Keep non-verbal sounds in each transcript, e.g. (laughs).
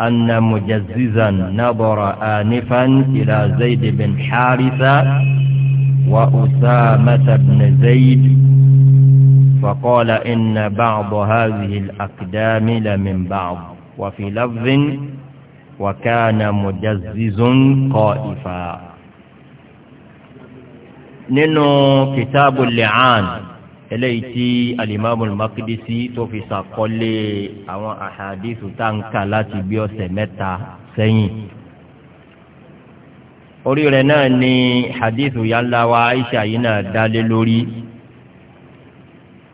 أن مجززا نظر آنفا إلى زيد بن حارثة وأسامة بن زيد فقال إن بعض هذه الأقدام لمن بعض وفي لفظ وكان مجزز قائفا ننو كتاب اللعان eléyìí tí alimami makidisi tó fi sàkọlé àwọn ahadithu táǹkà láti bí ọ̀sẹ̀ mẹ́ta sẹ́yìn orí rẹ̀ náà ni hadithu yálà wa aisha yìí náà dálé lórí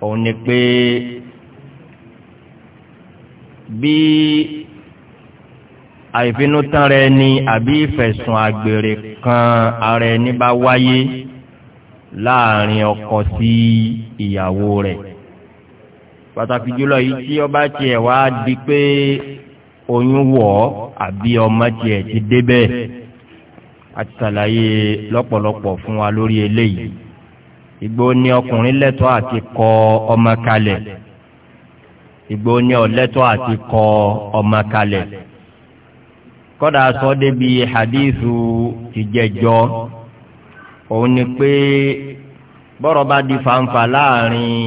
òun ni pé bí àìfinútán rẹ ni àbí ìfẹ̀sùn àgbèrè kan ara ẹni bá wáyé láàrin ọkọ sí ìyàwó rẹ̀ pàtàkì jùlọ yìí tí ọba tiẹ̀ wá di pé oyún wọ̀ ọ́ àbí ọmọ tiẹ̀ ti débẹ̀ àti sàlàyé lọ́pọ̀lọpọ̀ fún wa lórí eléyìí ìgbó ní ọkùnrin lẹ́tọ́ àti kọ ọmọ kalẹ̀ ìgbó ọ̀lẹ́tọ́ àti sọ débi hadithu ìjẹjọ́ òun ni pé bọ́rọ̀ bá di fàǹfà láàrin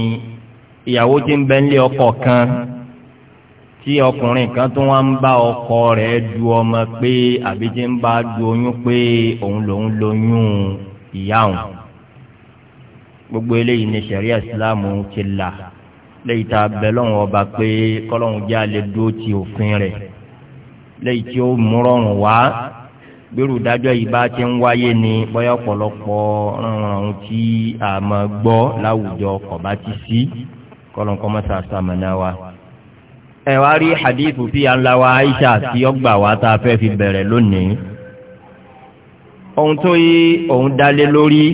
ìyàwó tí ń bẹ nílé ọkọ kan tí ọkùnrin kan tó wá ń bá ọkọ rẹ̀ du ọmọ pé àbí tí ń bá du oyún pé òun lòun lóyún ìyá òun gbogbo eléyìí ni sẹ̀ríà ìsìláàmù ti là lẹ́yìn tá a bẹ lọ́wọ́ ọba pé kọ́lọ́hún jẹ́ àlejò ti òfin rẹ̀ lẹ́yìn tí ó múrọ̀rùn wá gbèrú dájọ́ yìí bá ti ń wáyé ni bóyá ọ̀pọ̀lọpọ̀ ránran tí a máa gbọ́ láwùjọ kọ̀bá ti sí kọ́lọ́nkọ́ mọ́ta sàmánà wa. ẹ wá rí hadith tí a wa Aisha tí ọgbà wa tá a fẹ́ fi bẹ̀rẹ̀ lónìí. ohun tó yí òun dálé lórí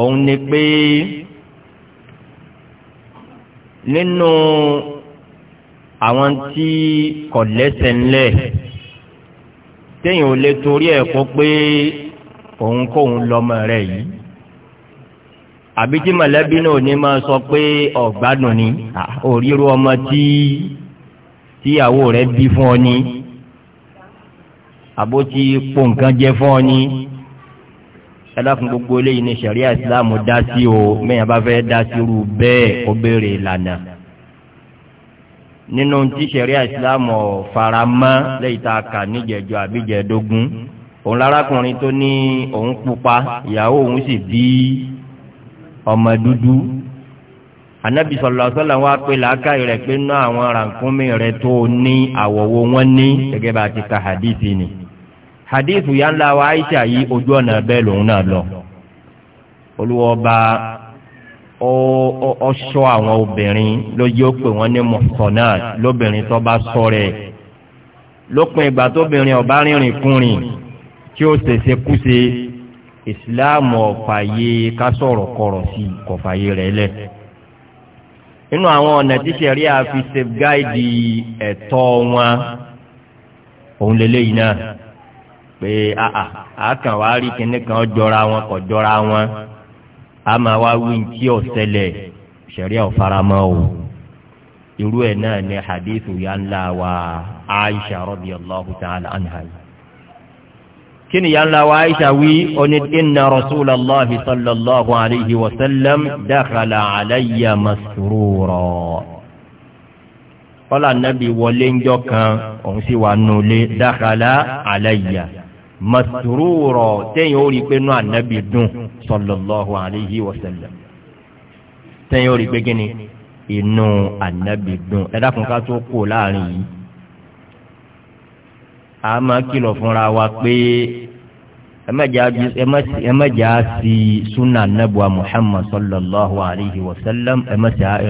òun ni pé nínú àwọn tí kò lẹ́sẹ̀ ńlẹ̀ téèyàn ò lè torí ẹ̀ kó pé òun kóun lọ́mọ rẹ̀ yìí àbí tí mọ̀lẹ́bí náà ní máa sọ pé ọ̀gbádùn ni òríru ọmọ tí tíyàwó rẹ̀ bí fún ọ ní àbó ti po nǹkan jẹ fún ọ ní ẹ gbogbo eléyìí ní ṣàríà ìsìláàmù dá sí o mẹ́yìn bá dá sí irú bẹ́ẹ̀ ó béèrè ìlànà nínú tí sẹ̀ríà ìsìlámù faramọ́ lẹ́yìn tá a kà níjẹ̀jọ àbíjẹ̀dógún òun lárakùnrin tó ní òun pupa ìyàwó òun sì bí ọmọ dúdú anabi sọlọ sọlọ wa pe làákà rẹ pé ná àwọn rànkúnmí rẹ tó ní àwọwọ wọn ní gẹ́gẹ́ bá ti ka hadithi ni hadithu yà ń la wa aisha yìí ojú ọ̀nà bẹ́ẹ̀ lòun náà lọ olùwọ́ba ọṣọ àwọn obìnrin ló yẹ ó pè wọ́n ní mọ̀sánnáà lóbìnrin tó bá sọ rẹ̀ lópin ìgbà tóbìnrin ọ̀bá rìnrìn kùnrin tí ó ṣèṣe kúṣe ìsìláàmù ọ̀fàyè kásọ̀rọ̀ kọ̀rọ̀ sí kọ̀fàyè rẹ̀ lẹ̀ nínú àwọn ọ̀nà tí sẹ̀rí àfi safeguide ẹ̀tọ́ wọn òun lélẹ́yìn náà pé àkànwá rí kinní kan jọra wọn kò jọra wọn àmà wa wí ntí ọ̀sẹ̀lẹ̀ sẹ̀ríà ọ̀faramọ́ o irú ẹ̀ náà ni hadithu ya ńlá wa aisha radiyallahu ta'ala anha kini ya ńlá wa aisha wí oní inna rasulallahi sallallahu alayhi wa sallam dakhala alayya masrura kọ́lá nàbí wọlé ńjọ́ kan òun sì wà nulẹ̀ dakhala alayya masrura tẹ́yìn ó rí pé inú ànábì dùn sallallahu alayhi wa sallam tẹ́yìn ó rí pé kíni inú ànábì dùn ẹ dákun ká tó kó láàrin yìí a máa kìlọ̀ fúnra wa pé ẹ má jà á sí sunna anabuwa muhammad sallallahu alayhi wa ẹ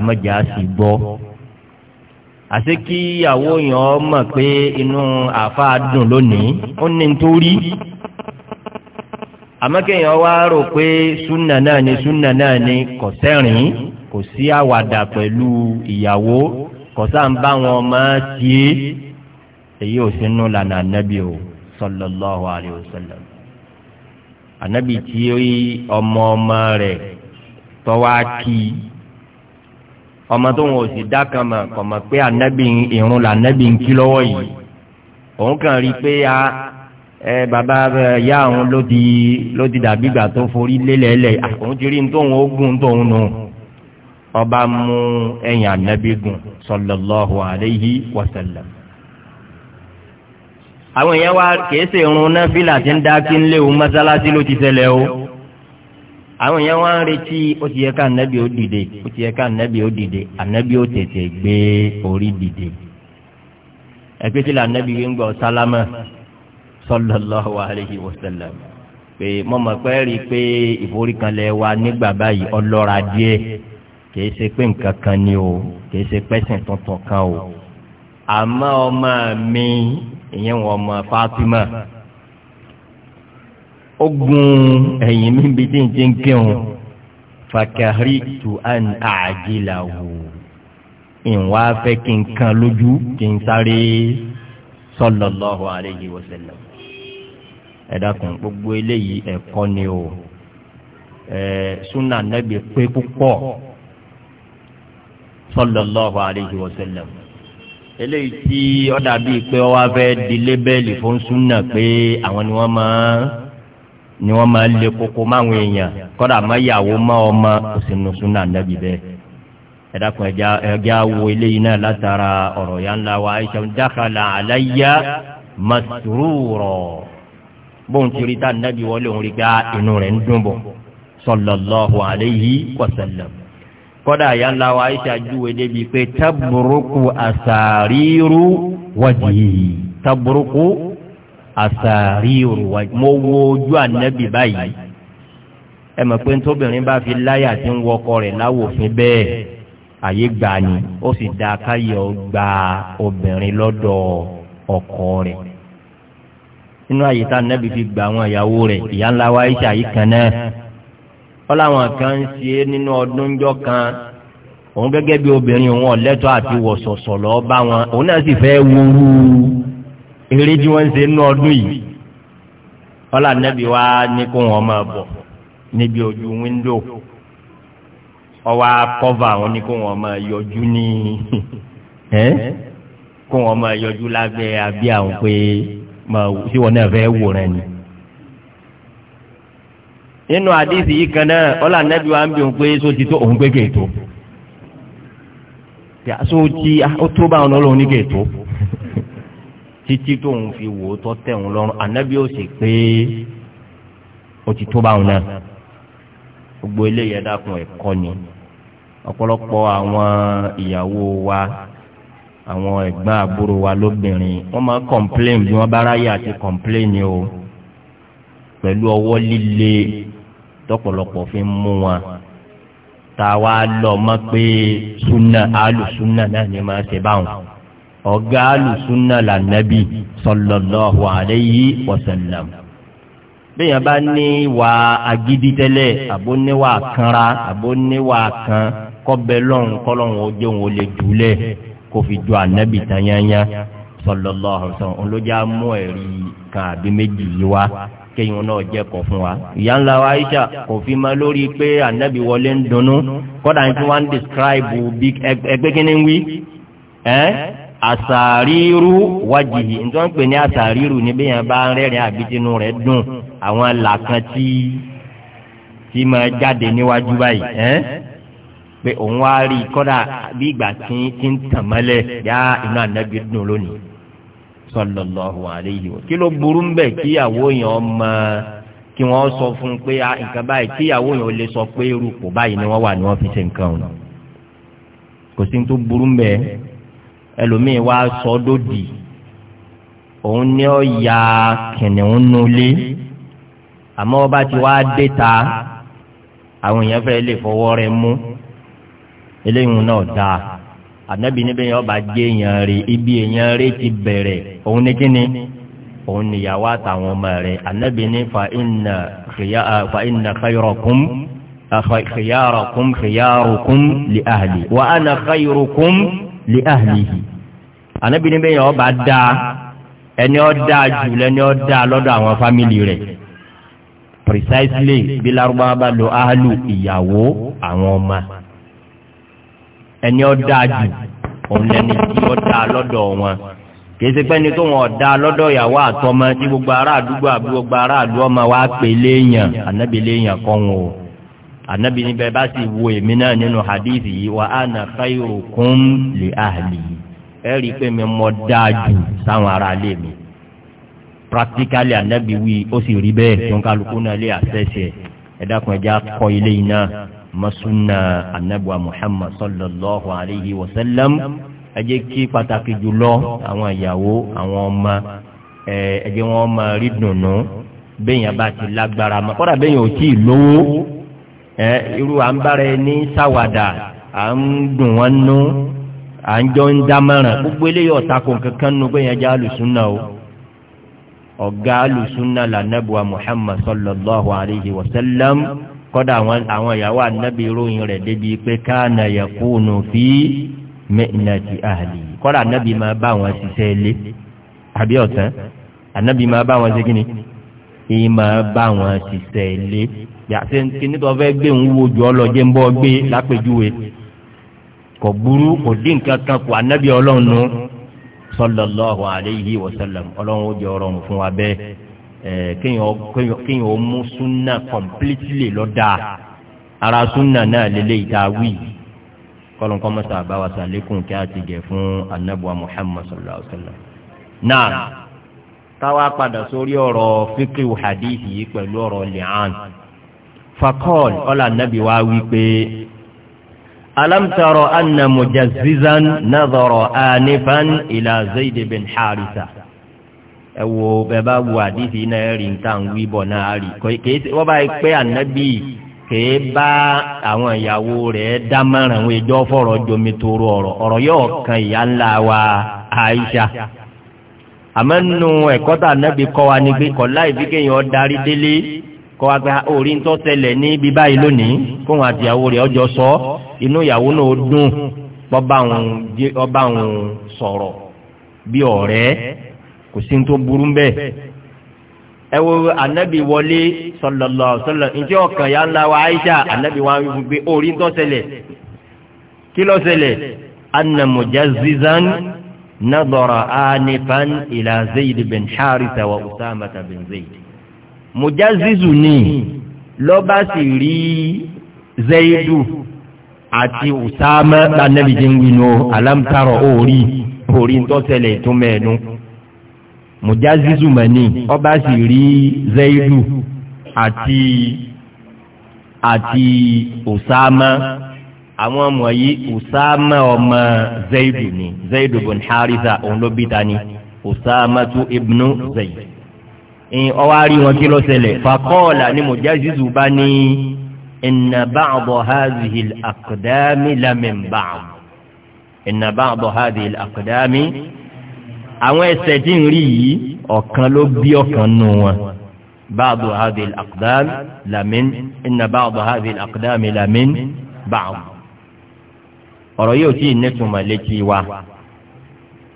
má jà á sí gbọ́. àṣé kí ìyàwó ma mọ̀ pé inú àfa dùn lónìí ó ní nítorí wá rò pé súnà náà ni súnà náà ni kò sẹ́rìn kò sí àwàdà pẹ̀lú ìyàwó kò sáà ń bá wọn máa èyí ò lànà ànábì o sallallahu alayhi wa ànábì tí ọmọ ọmọ ọmọ tó wọn ò sì dá kan mọ̀ kọ̀ mọ̀ pé ànábì ìrun là ànábì ń kí lọ́wọ́ yìí òun kàn rí i pé a ẹ bàbá y'a òun ló ti ló ti dàbí ìgbà tó forí lélẹ̀ẹ́lẹ̀ òun ti rí ní tóun ó gùn tóun nù ọba mú ẹ̀yìn ànábì gùn sallallahu alayhi wa sallam àwọn èèyàn wa kèése irun náà fílà ti ń dá kí ń léwu mọ́sálásí ló ti ṣẹlẹ̀ o àwọn èèyàn wá ń retí ó ti yẹ ká ànábì ó dìde ó ti yẹ ká ànábì ó dìde ànábì ó tètè gbé orí dìde ẹgbẹ́ tí lànàbì ń gbọ́ sálámà sallallahu alayhi wa sallam pé mọ́mọ́ pẹ́ rí i pé ìforíkanlẹ̀ wa nígbà báyìí ọlọ́ra díẹ̀ kìí ṣe pé nǹkan kan ni o kìí ṣe pẹ́sìn tuntun kan o àmọ́ ọmọ mi ìyẹn wọn ọmọ Fatima ó gun ẹ̀yìn mi bí tí n ti ń kírun fàkàrí tu an àjìlá wò ìwà fẹ́ kí n kan lójú kí n sáré sallallahu alayhi wa sallam ẹ dákun gbogbo eléyìí ẹ̀kọ́ ni o ẹ súnà nẹ́bi pé púpọ̀ sallallahu alayhi wa sallam eléyìí tí ó dàbí pé ó wá fẹ́ di lébẹ́lì fún súnà pé àwọn ni wọ́n máa ni wọ́n máa lé koko máwọn èèyàn kọ́dà má yàwó má ọmọ òsínùsún náà nàbì bẹ́ẹ̀ ẹ dákun ẹja wo eléyìí náà látara ọ̀rọ̀ yà ńlá wa aisha dákàlà àlàyé masrúrọ̀ bóun ti rí tá nàbì wọlé òun rí ká ah, inú rẹ̀ ń dùn bọ̀ sallallahu alayhi wa sallam kọ́dà yà ńlá wa aisha júwe débi pé taburuku asàríru wajhi taburuku àsàrí òrùwà mo wo ojú ànẹ́bì báyìí ẹ mọ̀ pé tóbìnrin bá fi láyà tí ń wọkọ rẹ̀ láwòfin bẹ́ẹ̀ àyè gbà ni ó sì da káyọ̀ gba obìnrin lọ́dọ̀ ọkọ rẹ̀ inú àyè tá ànẹ́bì fi gba àwọn ìyàwó rẹ̀ ìyá ńlá wa iṣẹ́ àyè kan náà wọ́n láwọn kan ń ṣe é nínú ọdún jọ́ kan òun gẹ́gẹ́ bí obìnrin òun ọ̀lẹ́tọ̀ àti wọ̀sọ̀sọ̀ lọ́ọ́ bá wọn òun náà sì fẹ́ wúrú eré tí wọ́n ń ṣe nínú ọdún yìí wọ́n là nẹ́bí wá ní kó wọn máa bọ̀ níbi ojú wíńdò ọwọ́ akọ́fà wọn ní kó wọn máa yọjú ní kó wọn máa yọjú lábẹ́ àbí àwọn pé tí wọn náà fẹ́ wòran ni. nínú àdìsí yìí kan náà wọ́n là nẹ́bí wá ń bí òun pé sóti tó òun pé kéètò sóti ó tó báwọn ọlọ́run ní kéètò títí tó ń fi wò ó tọ́ tẹ̀ ń lọ́rùn ànábì ó sì pé ó ti tó báwọn náà gbogbo eléyìí ẹ dákun ẹ̀kọ́ ni ọ̀pọ̀lọpọ̀ àwọn ìyàwó wa àwọn ẹ̀gbọ́n àbúrò wa lóbìnrin wọ́n máa kọ̀mplain bí wọ́n bá ráyè àti kọ̀mplain o pẹ̀lú ọwọ́ líle tọ́pọ̀lọpọ̀ fi ń mú wọn tá a wá lọ mọ́ pé súnà àlùsúnà náà ni máa ṣe báwọn ọ̀gá alùsùnà lànàbí sallallahu alayhi wa sallam bẹ́ẹ̀yàn bá ní wà agídí tẹ́lẹ̀ àbó níwà kanra àbó níwà kan kọ́bẹ̀ lọ́run kọ́lọ́run ó jẹun lè jùlẹ̀ kó fi ju ànábì tán yányá sallallahu alayhi wa sallam olójà mú ẹ̀rí kan àbí méjì yìí wá kéyìn náà jẹ́ kọ̀ fún wa. ìyá ńlá wa Aisha kò fi mọ́ lórí pé ànábì wọlé ń dunnú kọ́dà ní tí wọ́n ń describe big ẹgbẹ́ kí ni ń wí àsàríru wajihi nítorí wọ́n pè ní àsàríru níbi yẹn bá ń rẹ́rìn àbítinú rẹ̀ dùn àwọn làkàn tí tí máa jáde níwájú báyìí ẹ́ pé òun wá rí kọ́dà bí ìgbà tí ti ń tàn mọ́lẹ̀ yá inú ànábi dùn lónìí sallallahu alayhi wa kí ló burú ń bẹ kíyàwó yẹn ọmọ kí wọ́n sọ fún un pé ah, nǹkan báyìí kíyàwó yẹn ò lè sọ pé irú kò báyìí ni wọ́n wà ní wọ́n fi ṣe nǹkan ọ̀nà kò sí ní tó burú ń bẹ ẹlòmíì wá sọ dòdì òun ní ọ ya kìnìún nulẹ̀ àmọ́ ọba ti wá dé ta àwọn èèyàn fẹ́ lè fọwọ́ rẹ̀ mú eléyìí náà dáa ànábì níbẹ̀ yẹn ọba jẹ́ èèyàn rẹ̀ ibi èèyàn rẹ̀ ti bẹ̀rẹ̀ òun ní kíni òun níyàwó àtàwọn ọmọ rẹ̀ ànábì ní fa inna fa inna khayrakum khayrakum khayrukum li ahli wa ana khayrukum li ahlihi ànábì ní bẹ́ẹ̀ yẹn ọba dá ẹni ó dá jù lẹ́ni ó dá lọ́dọ̀ àwọn fámìlì rẹ̀ precisely bí Lárúbáwá bá lo ahlu ìyàwó àwọn ọmọ ẹni ó dá jù òun lẹ́ni tí ó dá lọ́dọ̀ wọn kèsì pé ní tó wọn ọ̀dà lọ́dọ̀ ìyàwó àtọmọ tí gbogbo ará àdúgbò àbí gbogbo ará àdúgbò ọmọ wa pè léèyàn ànábì léèyàn kọ́ wọn o anabi ni bẹ́ẹ̀ bá sì wo èmi náà nínú hadithi yìí wa ana khayrukum li ahli ẹ rí i pé mi mọ dáàjù sáwọn ará ilé mi practically anabi wi ó sì rí bẹ́ẹ̀ tó ń kálukú náà lé àṣẹṣe ẹ dákun ẹja kọ́ ilé yìí náà masuna anabiwa muhammad sallallahu alayhi wa sallam ẹ jẹ́ kí pàtàkì jùlọ àwọn ìyàwó àwọn ọmọ ẹ jẹ́ wọn máa rí dùnú bẹ́ẹ̀ yẹn ti lágbára mọ́ kọ́dà bẹ́ẹ̀ ò tí ì lówó ẹ irú à ń bára ẹ ní sáwàdà à ń dùn wọn nú à ń jọ ń dámọ̀ràn gbogbo eléyìí ọ̀tako kankan nu pé yẹn jẹ́ alùsùnà o ọ̀gá alùsùnà lànàbùwà Muhammad sallallahu alayhi wa sallam kọ́dà àwọn ìyàwó ànábì ròyìn rẹ̀ débi pé káànà yakunu fi mẹ́ìnàtì ahli kọ́dà ànábì máa bá wọn ṣiṣẹ́ ilé àbí ọ̀tán ànábì máa bá wọn ṣe kíni ìyí máa bá wọn ṣiṣẹ́ ilé yàtí kíní tó fẹ́ gbé ń wo jù ọ lọ jẹ́ ń bọ́ gbé lápèjúwe kò burú kò dín kankan kò anábì ọlọ́run nù sallallahu alayhi wa sallam ọlọ́run ó jẹ́ ọrọ̀run fún wa bẹ́ẹ̀ ẹ̀ kéèyàn ó mú súnà completely lọ́dà ara súnà náà lélẹ́yìí tá a wí kọlọ́n kọ́ mọ́sá àbáwá sàlékún kí a ti jẹ fún anábùwà muhammad sallallahu alayhi wa sallam. náà táwa padà sórí ọ̀rọ̀ fíkìwù hadith yìí pẹ̀lú ọ̀rọ̀ li'an fakọ́ọ̀l ọlá nàbí wá wípé alamtaro anna mujazzizan nadhara anifan ila zayd bin harisa ẹ wo bẹ́ẹ̀ bá wo àdìsí náà rí nǹkan wí bọ̀ náà rí kèé wọ́n bá pẹ́ ànábì kèé bá àwọn ìyàwó rẹ̀ dámọ̀ràn ìjọ fọ̀rọ̀ jomi toro ọ̀rọ̀ ọ̀rọ̀ yóò kan ìyá ńlá wa Aisha àmọ́ ẹ̀kọ́ tà ànábì kọ́ wa ni pé kọ́ láì fi kéèyàn darí délé kọ́ wa gba orí ń tọ́ ṣẹlẹ̀ ní ibi báyìí lónìí kó wọn àti ìyàwó rẹ̀ ọjọ́ sọ inú ìyàwó náà dùn ọba òun sọ̀rọ̀ bí ọ̀rẹ́ kò sí tó burú ń bẹ́ẹ̀. ẹ wo anabi wọlé sọlọlọ sọlọ njẹ́ ọkàn ya ńlá wa Aisha anabi wa wí pé orí ń tọ́ kí ló ṣẹlẹ̀ anna mujazzizan nadara anifan ila Zayd bin Haritha wa Usama bin Zayd mujazizu ni lọ́ba sì rí zayidu àti usama lànàbí jẹ́ ń winu alamtaro orí orí ń tọ́sẹ̀lẹ̀ tó mẹ́ẹ̀nu mujazizu mani ọba sì rí zayidu àti àti usama àwọn ọmọ yìí usama ọmọ zayidu ni zayidu bin haritha òun ló bí ta ni usama tu ibnu zayidu ọwọ́ àárí wọn kí ló ṣẹlẹ̀ fàkọ́ọ̀là ni mujazizu bá ní inna ba'da hadhihi al-aqdami lamin ba'd inna ba'da hadhihi al-aqdami àwọn ẹsẹ̀ tí ń rí yìí ọ̀kan ló bí ọ̀kan nù wọn ba'da hadhihi al-aqdam lamin inna ba'da hadhihi al-aqdami ọ̀rọ̀ yóò tí ì nẹ́tùmọ̀ létí wa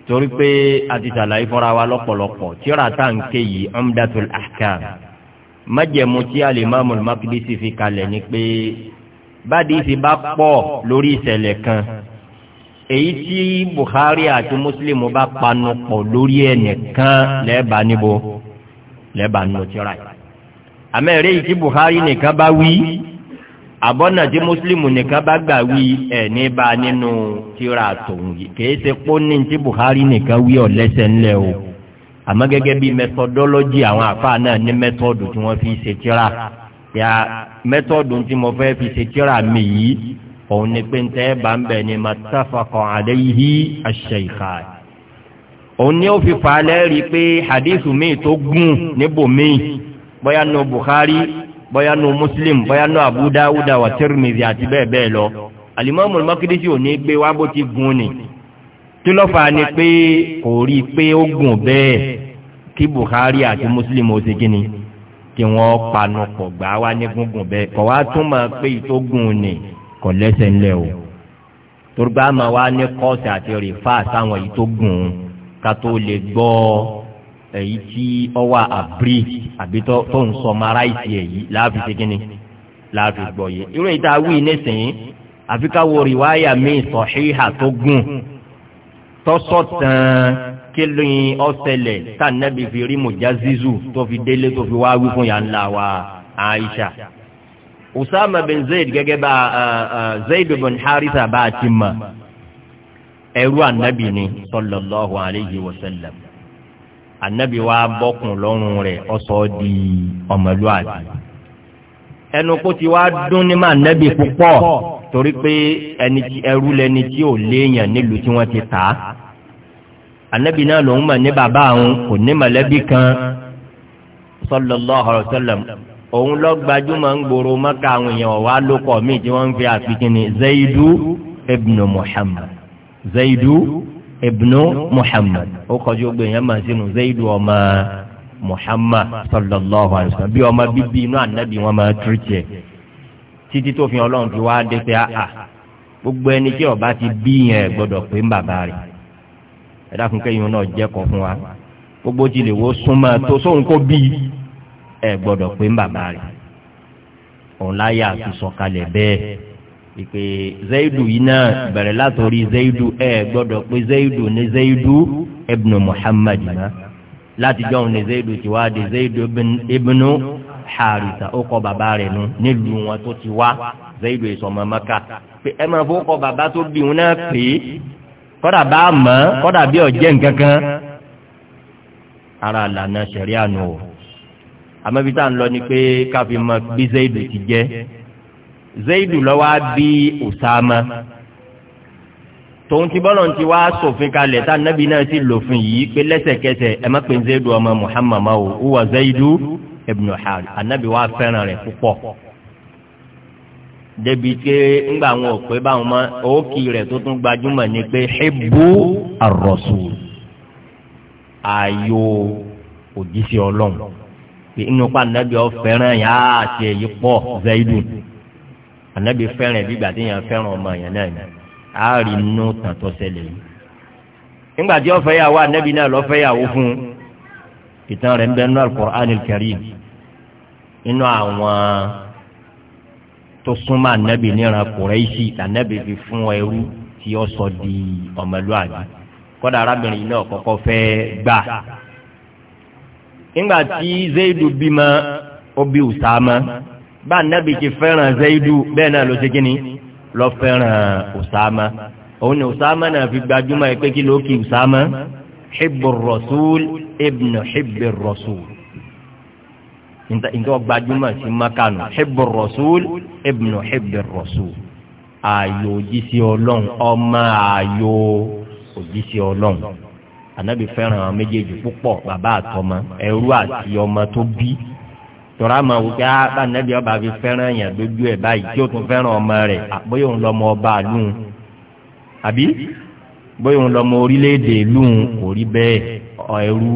torí pé a ti ṣàlàyé fúnra wa lọ́pọ̀lọpọ̀ tíra tá n ké yìí Umdatul Ahkam májẹ̀mú tí al-Imam al-Maqdisi fi kalẹ̀ ni pé bádìí ti bá pọ̀ lórí ìṣẹ̀lẹ̀ kan èyí tí Bukhari àti Muslim bá panu pọ̀ lórí ẹnìkan lẹ́ẹ̀bà níbo lẹ́ẹ̀bà nù tíra yìí àmẹ́rẹ́ yìí tí Bukhari nìkan bá wí àbọ̀nà tí mùsùlùmù nìkan bá gbà wí ẹ̀ ní bá nínú tíra tòun yìí kìí ṣe pọ́nì tí Buhari nìkan wí ọ̀ lẹ́sẹ̀ ńlẹ̀ o àmọ́ gẹ́gẹ́ bí methodology àwọn àfáà náà ní method tí wọ́n fi ṣe tíra ya method tí mo fẹ́ fi ṣe tíra mi yìí òun ni pé ntẹ́ bá ń bẹ̀ ni mattafaqa alayhi ash-shaykhan òun ni ó fi fà á lẹ́rìí pé hadith mi tó gùn níbòmíì bóyá nù Buhari bóyá nu muslim bóyá nu abu dawuda wa tirmidhi àti bẹ́ẹ̀ bẹ́ẹ̀ lọ alimami makidisi ò ní gbé wá bó ti gun ni tí ló fà ni pé kò rí i pé ó gùn bẹ́ẹ̀ kí buhari àti muslim ó ti gini kí wọ́n panu pọ̀ gbá wá ní gungun bẹ́ẹ̀ kọ̀ wá tún máa pé ìtó gùn ni kò lẹ́sẹ̀ ńlẹ̀ o torúgbà máa wá ní kọ́ọ̀sì àti rìfáà sáwọn ìtó gùn ká tó lè gbọ́ ọ èyí tí ọwọ́ àbírí àbí tó ń sọ ọmọ aráìsí èyí láàfin ṣégini láàfin gbọ̀yé irú èyí tá a wí nísìnyí àfi káwo rìwáyà míì sọ̀híhà tó gùn tọ́sọ̀ tán kílín ọ̀sẹ̀lẹ̀ tá nẹ́bi fi rí mujazizu tó fi délé tó fi wá wí fún yà ńlá wa Aisha Usama bin Zayd gẹ́gẹ́ bá Zayd bin Haritha bá a ti mọ̀ ẹrú ànábì ni sallallahu alayhi wa sallam anabi wa bọ́kùn lọ́rùn rẹ̀ ọ̀sọ́ di ọmọlúwàbí ẹnu kó ti wá dún ní mà nẹ́bí púpọ̀ torí pé ẹni ẹrú lẹni tí ò léèyàn nílùú tí wọ́n ti tà anabi náà lòún mọ̀ ní bàbá àwọn kò ní mọ̀lẹ́bí kan sallallahu alaihi wasallam òun lọ gbajúmọ̀ ń gbòòrò mọ́ka àwọn èèyàn wà lóko míì tí wọ́n fi àfikún ni zaidu ibnu muhammad zaidu ibnu muhammad ó kọjú gbé yẹn máa sínú zayidu ọmọ muhammad sallallahu alayhi wa sallam bí ọmọ bíbí inú ànábì wọn máa tìrìtì ẹ títí tó fi ọlọ́run fi wá dé pé àà gbogbo ẹni tí ọba ti bí yẹn gbọdọ̀ pé ń bàbá rẹ̀ ẹ dákun kẹ́yìn náà jẹ́kọ̀ọ́ fún wa gbogbo ti lè wo súnmọ́ tó sóhun kó bí ẹ gbọdọ̀ pé ń bàbá rẹ̀ òun láyà sọ̀kalẹ̀ bẹ́ẹ̀ ìpè zayidu yìí náà bẹ̀rẹ̀ látọ̀rí zayidu ẹ̀ gbọ́dọ̀ pé zayidu ní zayidu ibnu muhammad náà láti jọ́hun ní zayidu ti wá di zayidu ibnu harisa ó kọ bàbá rẹ̀ nu nílùú wọn tó ti wá zayidu ìsọmọ maka pé ẹ máa fọ́ kọ bàbá tó bí wọn náà pè é kọ́dà bá a mọ̀ kọ́dà bí ọ̀jẹ̀ nkankan ara lànà sẹ̀ríà nù ọ́ àmọ́ ibi tá ń lọ ni pé káfí bí zayidu ti jẹ́ zaidu lọ́wọ́ bí usama tòun ti bọ́lọ̀ ti wá sòfin kalẹ̀ tá anabi náà ti lòfin yìí pé lẹ́sẹ̀kẹsẹ̀ ẹ má pe zaidu ọmọ muhammadu o huwa zaidu ibn hal anabi wa fẹ́ràn rẹ̀ púpọ̀ débi pé ńgbà àwọn òpè báwọn mọ òkì rẹ̀ tó tún gbajúmọ̀ ni pé hibbu ar ayò òjíṣẹ́ ọlọ́run inú pa anabi ọ fẹ́ràn yàá àti èyí pọ̀ zaidu ànábì fẹ́ràn bí gbàdé yẹn fẹ́ràn ọmọ yẹn náà ni a rí inú tàn tó ṣẹlẹ̀ yìí nígbà tí ọfẹ yàwó ànábì náà lọ fẹ́ yàwó fún ìtàn rẹ̀ ń bẹ nínú Al-Qur'anil Karim nínú àwọn tó súnmọ́ ànábì níran Quraishi ànábì fi fún ẹrú tí ó sọ di ọmọlúwàbí kódà arábìnrin náà kọ́kọ́ fẹ́ gbà nígbà tí Zaidu bímọ ó bí Usama bá nàbì ti fẹ́ràn zayidu bẹ́ẹ̀ náà ló ṣe kí ni lọ fẹ́ràn usama òun ni usama náà fi gbajúmọ̀ ẹ pé kí ló kí usama hibbu rasul ibn hibbu rasul nǹkan gbajúmọ̀ sí makanu hibbu rasul ibn hibbu rasul ààyò òjíṣẹ́ ọlọ́run ọmọ ààyò òjíṣẹ́ ọlọ́run anabi fẹ́ràn méjèèjì púpọ̀ bàbá àtọmọ ẹrú àti ọmọ tó bí tọ́ra ma wò pé ah, bá nàbí ọba fi fẹ́ràn yàn lójú ẹ̀ báyìí tí ó tún fẹ́ràn ọmọ rẹ̀ bóyá òun lọ́mọ ọba àlù àbí bóyá òun lọ́mọ orílẹ̀-èdè ìlú kò rí bẹ́ẹ̀ ẹrú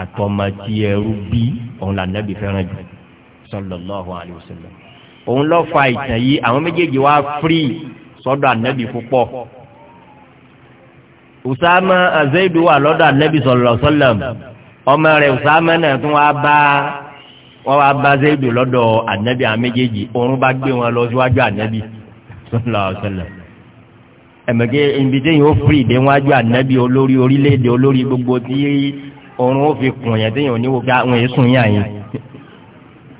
àtọmọtì ẹrú bí òun là nàbí fẹ́ràn jù sallallahu alayhi wa sallam òun lọ fa ìtàn yìí àwọn méjèèjì wá firi sọ́dọ̀ ànábì púpọ̀ usama azeidu wà lọ́dọ̀ ànábì sallallahu sallam ọmọ rẹ̀ usama náà tún wá bá a wọ́n wá bá zayidu lọ́dọ̀ anabi àméjèèjì òun bá gbé wọn lọ síwájú anabi sallallahu alaihi wasallam ẹ̀mẹ̀kẹ́ ibi tí yóò firi dé wájú anabi olórí orílẹ̀-èdè olórí gbogbo tí òun ó fi kùn yẹn tí yóò níwò ká àwọn èsùn yàn yín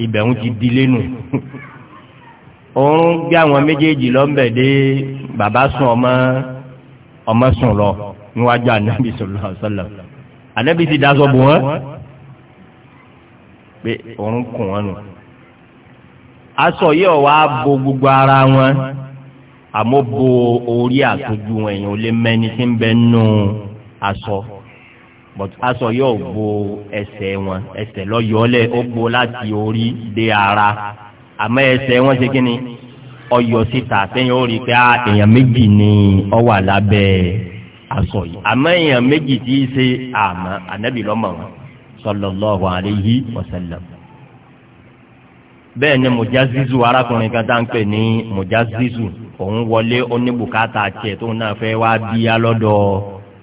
ibẹ̀ ń ti di lẹ́nu òun gbé àwọn méjèèjì lọ́nbẹ̀ dé bàbá sùn ọmọ ọmọ sùn lọ níwájú anabi sallallahu alaihi wasallam anabi ti dasọ bò wọn pé òun kùn wọn nù aṣọ yìí ọ̀ wá bo gbogbo ara wọn àmọ́ bo orí àtọ́jú wọn èèyàn ò lè mẹ́ni tí ń bẹ nù aṣọ but aṣọ yóò bo ẹsẹ̀ wọn ẹsẹ̀ lọ́yọ̀ọ́lẹ̀ ó bo láti orí dé ara àmọ́ ẹsẹ̀ wọn ṣe kí ni ọyọ síta sẹ́yìn ó rí pé ah, èèyàn méjì ni ọ wà lábẹ́ aṣọ yìí àmọ́ èèyàn méjì tí í ṣe àmọ́ ànábì lọ́mọ wọn sallallahu alayhi wa sallam. bẹ́ẹ̀ ni mujazizu arákùnrin kan tá à ń pè ní mujazizu òun wọlé oníbùkátà tiẹ̀ tó náà fẹ́ wá bíyá lọ́dọ̀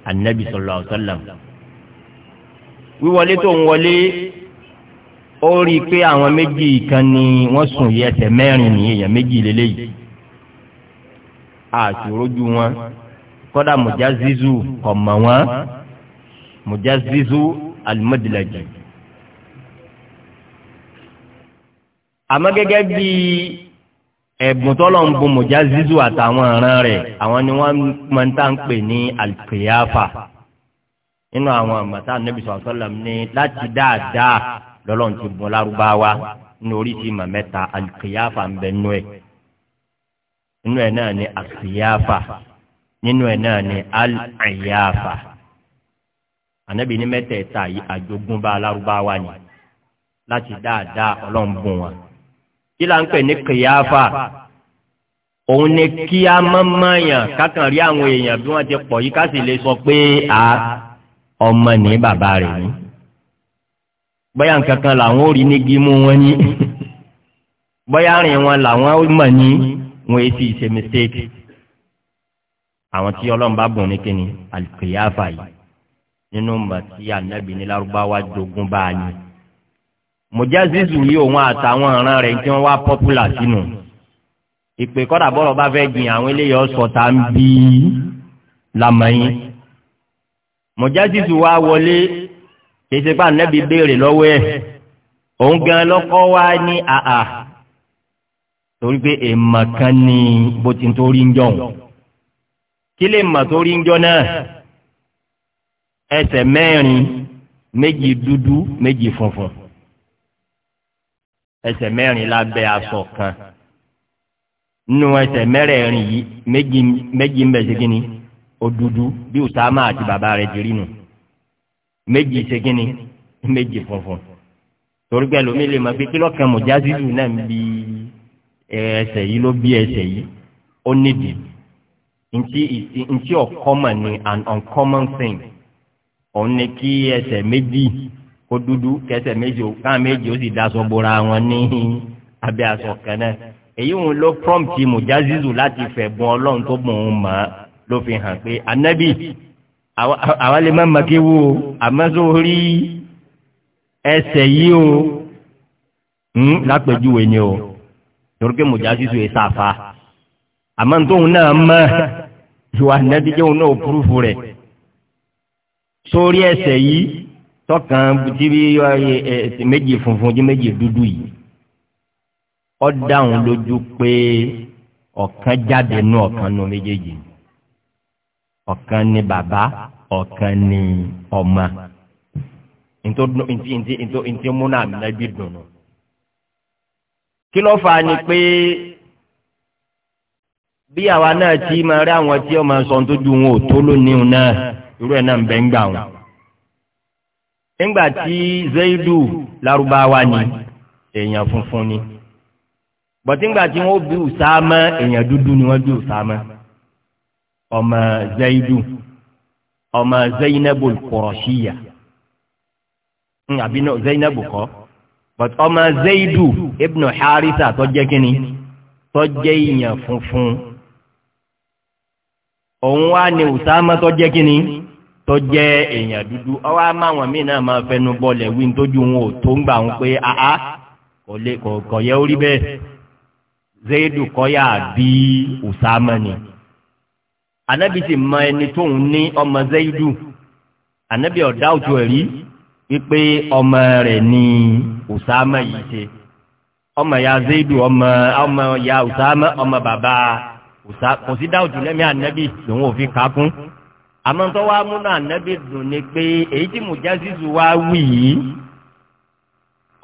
anabi sallallahu alayhi wa sallam. wíwọlé tó ń wọlé ó rí i pé àwọn méjì kan ni wọ́n sùn yí ẹsẹ̀ mẹ́rin nìyẹn èèyàn méjì lélẹ́yìí àṣòrojú wọn kọ́dà mujazizu kọ̀ wọn mujazizu al-Mudlaji. àmọ́ gẹ́gẹ́ bí ẹ̀bùn tọ́lọ̀ ń bu Mujazizu àtàwọn ọ̀ràn rẹ̀ àwọn ni wọ́n máa ń tà ń pè ní al-Qiyafa nínú àwọn àmàtà Nabi sallallahu alaihi wasallam ní láti dáadáa lọ́lọ́run ti bọ́ lárúbáwá ní oríṣi màmẹ́ta al ń bẹ nú ẹ̀ nínú ẹ̀ náà ni al nínú ẹ̀ náà ni al-Iyafa. al ànábì ní mẹ́tẹ̀ẹ̀ta yìí àjogúnbá alárúbáwá ni láti dáadáa ọlọ́mbùn wọn. kí la ń pè ní kìyáfà òun ni kí a mọ́mọ́ yàn kákan rí àwọn èèyàn bí wọ́n ti pọ̀ yìí ká sì lè sọ pé a ọmọ ní bàbá rẹ̀ ní. bóyá nǹkan kan làwọn ò rí ní gímú wọn ní bóyá rìn wọn làwọn ò mọ̀ ní wọn èsì ṣe mistake àwọn tí ọlọ́run bá bùn ní kíni àlùkìyáfà yìí nínú mbàtí ànábì ní lárúbáwá jogún báyìí mùjázizu yìí òun àtàwọn ọ̀ràn rẹ̀ tí wọ́n wá pọ́pùlà sínú ìpè kọ́dà bọ́lọ̀ bá fẹ́ gbìn àwọn eléyìí ọ̀sọ̀tà ń bí lamẹ́yìn mùjázizu wá wọlé kèsì pa ànábì béèrè lọ́wọ́ ẹ̀ òun gan lọ́kọ́ wá ní àhà torí pé èèmọ̀ kan ní bó ti ń torí ń jọ̀hún kí lè mọ̀ torí ń jọ náà ẹsẹ̀ mẹ́rin méjì dúdú méjì funfun ẹsẹ̀ mẹ́rin lábẹ́ aṣọ kan nínú ẹsẹ̀ mẹ́rẹ̀ẹ̀rin yìí méjì méjì ń bẹ ṣe kínní òdúdú bí usama àti bàbá rẹ̀ ti rí nù méjì ṣe kínní méjì funfun torí pé ẹlòmíì lè máa fi kílọ̀ kan mùjásílù náà ń bi ẹsẹ̀ yìí ló bí ẹsẹ̀ yìí ó nídìí ntí ọ̀kọ́mọ̀ ni an uncommon thing òun ni kí ẹsẹ̀ méjì kó dúdú kẹsẹ̀ méjì káwọn méjì ó sì daṣọ bora wọn ní abẹ́ aṣọ kan náà èyí òun ló prompt mujazizu láti fẹ̀bùn ọlọ́run tó bùn ún mọ́ ló fi hàn pé anabi àwa lè má màkì wo àmọ́ sórí ẹsẹ̀ yìí o hmm, lápèjúwe ni o torí pé mujazizu yìí sáfa àmọ́ náà mọ́ ìwà anabi jẹ́ òun náà púrúfù rẹ̀ sórí ẹsẹ̀ yìí tọkàn tí ẹsẹ̀ méjì funfun jí méjì dúdú yìí ó dáhùn lójú pé ọ̀kan jáde nú ọ̀kan nú méjèèjì ọ̀kan ni bàbá ọ̀kan ni ọmọ ntí múnà àmì dùn kí ló fà á ni pé bí àwa náà ti máa rí àwọn tí ọmọ sọ tó ju wọn ò tó lónìí náà irú ẹ̀ náà ń bẹ ń gbà wọn. nígbà tí zaidu larubawa ni èèyàn funfun ni bọ̀tí ńgbà tí wọ́n bí usama èèyàn dúdú ni wọ́n bí usama ọmọ zaidu ọmọ zainabu kọrọṣíyà hmm, àbí zainabu kọ́ bọ̀tí ọmọ zaidu ibnu harisa tó jẹ́ kínní tó jẹ́ èèyàn funfun òun wá ní usama tó kínní tó jẹ́ èèyàn dúdú ọwọ́ àmọ́ àwọn míì náà máa fẹnu bọ́lẹ̀ wí nítorí wọn ò tó ń gbà wọn pé àá kò yẹ orí bẹ́ẹ̀ zayidu kọ́yà bí usama ni anabi sì mọ ẹni tóun ní ọmọ zayidu anabi ọ̀dá òjò ẹ̀rí wípé ọmọ rẹ̀ ni usama yìí ṣe ọmọ ya zayidu ọmọ ọmọ ya usama ọmọ bàbá usama kò sí dáwùjù lẹ́mí anabi lòun ò fi kà á kún àmọ́ tó wá múnú ànábì dùn ni pé èyí tí mùjásísù wá wì yìí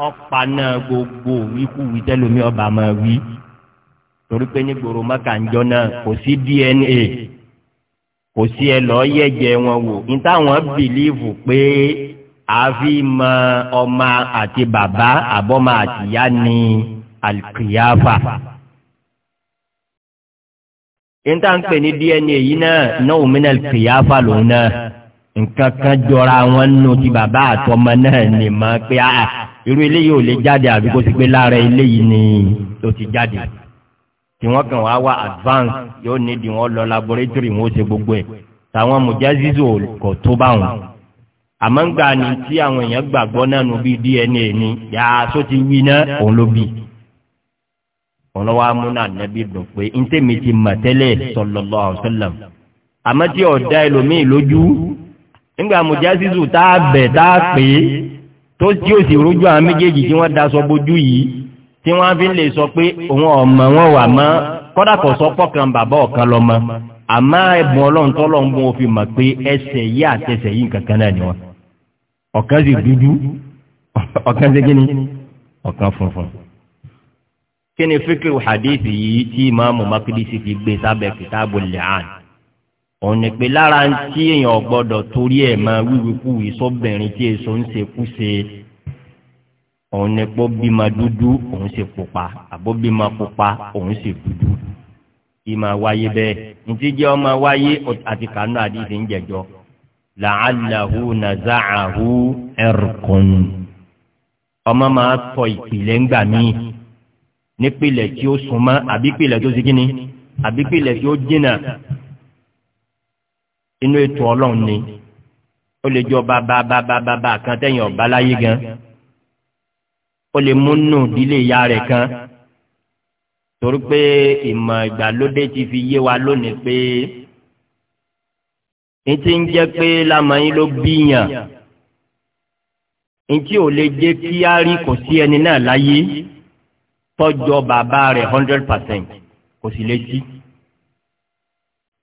ọ̀pá náà gbogbo wíkúwí tẹ́lómi ọba máa wí torí pé ní gbòòrò mọ́kànjọ́ náà kò sí dna kò sí ẹ lọ́ọ́ yẹ̀jẹ̀ wọn wò ní táwọn bìlíìfù pé àfi mọ ọmọ àti bàbá àbọ́mọ àtìyá ni àlùkìyáfà níta ń pè ní dna na náà náà òmìnira kìyàfà lòun náà nǹkan kan jọra wọn nù ti bàbá àtọmọ náà ní mọ pé a ah, ah, irú eléyìí ò lè jáde àbí kó ti pé lára eléyìí ni ló ti jáde tí wọn kàn wá advance yóò nídìí wọn lọ laboratory wọn ó ṣe gbogbo ẹ tàwọn mujazizu kò tó báwọn àmọ́ ń gbà ní tí àwọn èèyàn gbàgbọ́ náà nù bí dna ni yàtọ̀ ti wí náà òun ló bíi ọlọ́wọ́ amúnà nẹ́bí dùn pé ntẹ́mi ti mà tẹ́lẹ̀ sọlọ́lọ́ àwòsálàm àmọ́ tí ọ̀dá ẹlòmíì lójú nígbà mùjásísù tá a bẹ̀ tá a pè é tó tí ó sì rójú àwọn méjèèjì tí wọ́n daṣọ bojú yìí tí wọ́n fi lè sọ pé òun ọ̀mọ wọn wà mọ́ kọ́dà kò sọ pọ̀kan bàbá ọ̀kan lọ́mọ àmọ́ ẹ̀bùn ọlọ́run tọ́lọ́run bó fi mọ̀ pé ẹsẹ̀ yìí àtẹsẹ̀ yìí nǹkan náà ni wọn ọ̀kan sì dúdú ọ̀kan sí kíni ọ̀kan funfun kí ni fíkì hadithi yìí tí ìmáàmù makidisi fi gbé sábẹ́ kìtàbù lẹ́hàn òun ni pé lára ń tí èèyàn gbọ́dọ̀ torí ẹ̀ máa wíwíkúwìí sóbìnrin tí èso ń ṣekúṣe òun ni pé bímọ dúdú òun ṣe pupa àbó bímọ pupa òun ṣe dúdú ìmọ̀ wáyé bẹ́ẹ̀ ntí jẹ́ ọmọ wáyé àti kànú àdìsí ń jẹjọ́ làálàhù nàzàáhù ẹ̀rùkùn ọmọ máa tọ ìpìlẹ̀ ńgbà míì nípìlẹ̀ tí ó súnmọ́ àbípìlẹ̀ tó ti kíni àbípìlẹ̀ tí ó jìnnà inú ètò ọlọ́run ni ó lè jọ bàbá bàbá bàbá kan tẹ̀yìn ọ̀bá láyé gan ó lè múnú ìdílé ìyá rẹ̀ kan torí pé ìmọ̀ ìgbàlódé ti fi yé wa lónìí pé ntí ń jẹ́ pé lamọ̀yìn ló bíyàn ntí ò lè jẹ́ kí á rí kò sí ẹni náà láyé tọ́jọ́ bàbá rẹ̀ hundred percent kò sì létí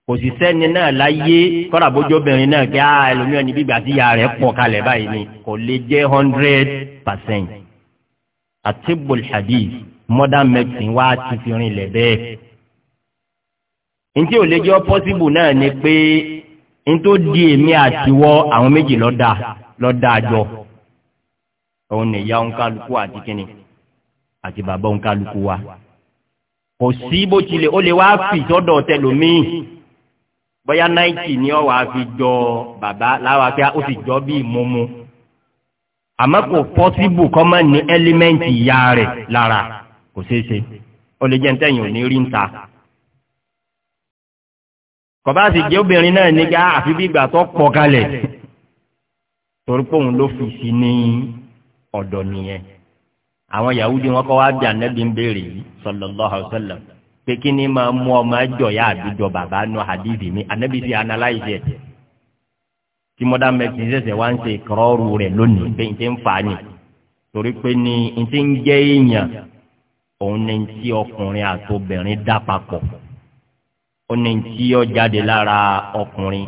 kò sì sẹ́ni náà láyé kọ́ra bójóbìnrin náà kí á ah, ẹlòmíràn níbi ìgbà tí ìyá rẹ̀ pọ̀ kalẹ̀ báyìí ni kò lè jẹ́ hundred percent àtibul hadith modern medicine wá ti fi rinlẹ̀ bẹ́ẹ̀ ntí ò lè jẹ́ possible náà ni pé ntó di èmi àtiwọ́ àwọn méjì lọ́dà lọ́dà àjọ òun nìyá òun kálukú àti kínní àti bàbá òun kálukú wa kò sí bó tilẹ̀ ó lè wá fi sọ́dọ̀ tẹlòmíì bóyá náìtì ni ọ wàá fi jọ bàbá láwa pé ó sì jọ bí ìmúmu àmọ́ kò pọ́síbù kọ́ máa ní ẹ́límẹ́ǹtì ìyá rẹ̀ lára kò ṣeé ṣe ó lè jẹ́ ní tẹ̀yìn ò rí ń ta kọ̀bá sì jẹ́ obìnrin náà nígbà ah, àfi bí ìgbà tó pọ̀ kalẹ̀ torí pé òun ló fi sí ní ọ̀dọ̀ nìyẹn àwọn yahudi wọn kọ́ wá bí anabi ń béèrè yìí sallallahu alaihi wasallam pé kí ni máa mú ọmọ ẹjọ ya àdújọ bàbá nu hadithi mi anabi ti analyze ẹ tí modern medicine ṣẹ̀ṣẹ̀ wá ń ṣe kọrọọrù rẹ lónìí pé n ti ń fà ni torí pé ni n ti ń jẹ èèyàn òun ni ti ọkùnrin àtobìnrin dá papọ̀ ó ní ti ó lára ọkùnrin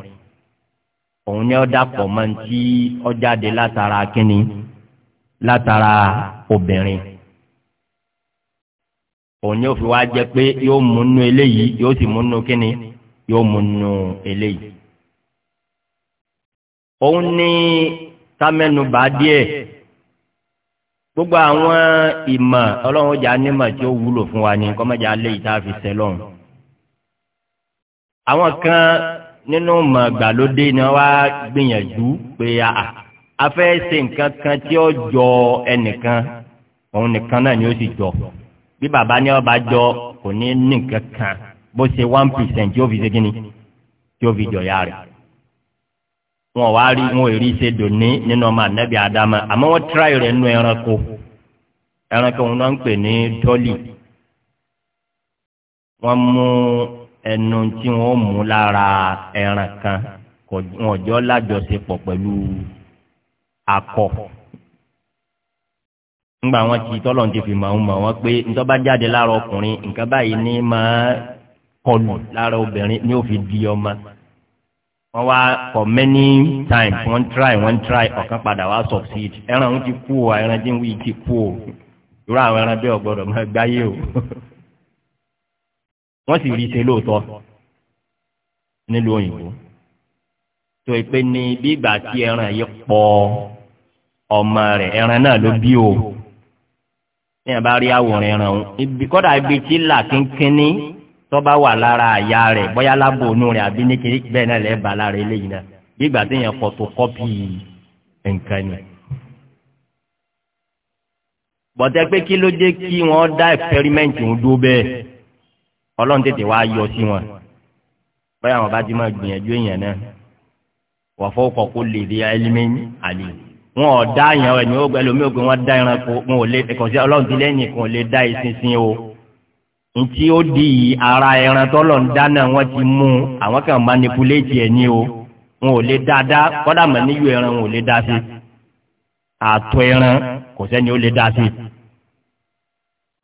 òun ni ó dàpọ̀ mọ́ ti ó látara kínní látara obìnrin òun yóò fi wá jẹ pé yóò mú nú eléyìí yóò sì mú nú kíni yóò mú nú eléyìí òun ní kámẹ́nubà díẹ̀ gbogbo àwọn ìmọ̀ ọlọ́run ọjà nímọ̀ tí ó wúlò fún wa ní kọ́mọ́jà lé ìta fi sẹ́ lọ́run. àwọn kan nínú mọ̀ gbàlódé ni wọ́n wá gbìyànjú pé àà afẹ́ ṣe nǹkan kan tí ó jọ ẹnìkan òun nìkan náà ni ó sì jọ bí bàbá ní ọba jọ kò ní nìkan kan bó ṣe one percent tí ó fi ṣe kí ni tí ó fi jọ ya rẹ̀ wọn wá rí wọn ò rí ṣe dòní nínú ọmọ ànábì àdámà àmọ́ wọ́n tíráì rẹ̀ nínú ẹranko ẹranko òun náà ń pè ní tọ́lì wọ́n mú ẹnu tí wọ́n mú lára ẹran kan wọn jọ lájọṣepọ̀ pẹ̀lú akọ ngba wọn ti tọ́lọ̀ ti fi mọ̀ mọ̀ wọn pé ntọ́ba jáde lára ọkùnrin nǹkan báyìí ní máa kọlù lára obìnrin ní òfin di ọmọ wọn wá for many times wọn try wọn try ọ̀kan padà wá succeed ẹran wọn ti kú o ẹran tí ń wí ti kú o irú àwọn ẹran bẹ́ẹ̀ ọ̀gbọ́dọ̀ máa gbáyé o (laughs) wọ́n sì rí i ṣe lóòótọ́ nílùú òyìnbó tó o pé ní bí ìgbà tí ẹran yìí pọ̀ ọmọ rẹ̀ ẹran náà ló bí o ní ẹ̀ bá rí àwòrán ẹran o ibi kọ́dà ibi tí là kínkínní tó bá wà lára àyà rẹ̀ bóyá lábò onú rẹ̀ àbí ní kiri bẹ́ẹ̀ náà lẹ́ẹ̀ bá lára eléyìí náà bí ìgbà téèyàn fọtokọ́pì nǹkan ni. bọ̀tẹ́ pé kí ló dé kí wọ́n dá ẹ̀pẹ́rímẹ́ǹtì ń dó bẹ́ẹ̀ ọlọ́run tètè wá yọ sí wọn bóyá wọn bá ti máa gbìyànjú èèyàn náà wọ́n fọ́ kọ́kọ́ lè rí ẹlẹ́mẹ́ni àlè wọn ò dá yẹn ẹni ó gbẹ lómi ògbé wọn dá ẹranko wọn ò lè kọsí ọlọ́run ti lẹ́yìn kan lè dá ìsinsin o ntí ó di yìí ara ẹran tọ́lọ̀ ń dáná wọn ti mú àwọn kan manipulate ẹ̀ ní o wọn ò lè dáadáa kọ́dà mọ̀ níyù ẹran wọn ò lè dá sí àtọ̀ ẹran kò sẹ́ni ó lè dá sí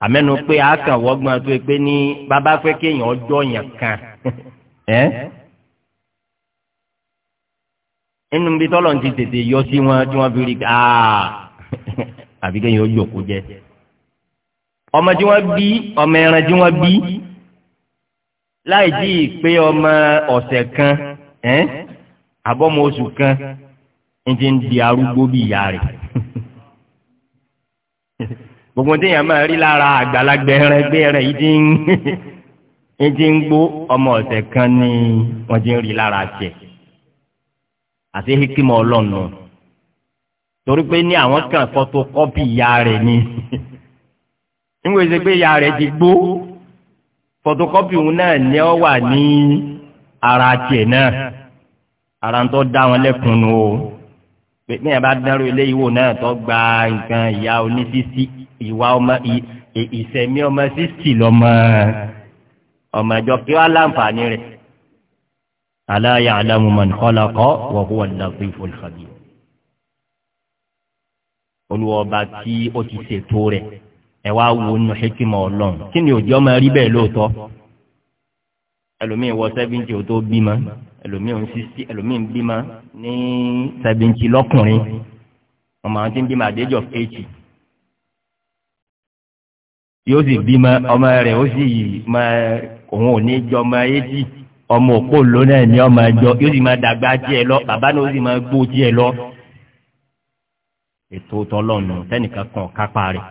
àmẹ́nu pé a kàn wọ́gbọ́n tó pé ní bàbá pé kéèyàn ọjọ́ yẹn kan (laughs) ẹ́ inú bí tọ́lọ̀ ti tètè yọ sí wọn tí wọ́n fi rí ká àbí kéèyàn ó yòókù jẹ ọmọ tí wọ́n bí ọmọ ẹran tí wọ́n bí láì jí ìpé ọmọ ọ̀sẹ̀ kan àbọ̀mọ oṣù kan ń ti ń di arúgbó bí ìyá rẹ̀ gbogbo téèyàn máa rí lára àgbàlagbà ẹran ẹgbẹ́ ẹran yìí (laughs) ti ń gbó ọmọ ọ̀sẹ̀ kan ni wọ́n ti ń rí lára tiẹ̀ àti hikima ọlọ́nu torí pé ní àwọn kan fọ́tò kọ́pì ìyá rẹ̀ ni (laughs) níwèé ṣe pé ìyá rẹ̀ ti gbó fọ́tò òun náà ni ọ wà ní ara tiẹ̀ náà ara ń tọ́ dá wọn lẹ́kùn nù o pé ní ẹ̀bá dárò eléyìí wò náà tó gba nǹkan ìyá oní sísí ìwà ọmọ ìsẹ̀mí ọmọ sísì lọ́mọ ọmọ ìjọ kí wọ́n á láǹfààní rẹ̀. ألا يعلم من خلق وهو اللطيف الخبير olùwọba tí ó ti ṣètò rẹ ẹ wá wo nù hekima ọlọrun kí ni òjò máa rí bẹẹ lóòótọ ẹlòmíín wọ sẹbíǹtì ó tó bímọ ẹlòmíín sísí ẹlòmíín bímọ ní sẹbíǹtì lọkùnrin ọmọ àwọn tí ń bímọ àdéjọ fèèjì yóò sì bímọ ọmọ rẹ ó sì máa òun ò ní jọmọ éjì ọmọ òpó lónà ẹni ọmọ ẹjọ yóò sì máa dàgbà tiẹ̀ lọ bàbá náà ó sì máa gbó tiẹ̀ lọ. ètò tọlọ́nù tẹ́nìkan kan kápá rẹ̀.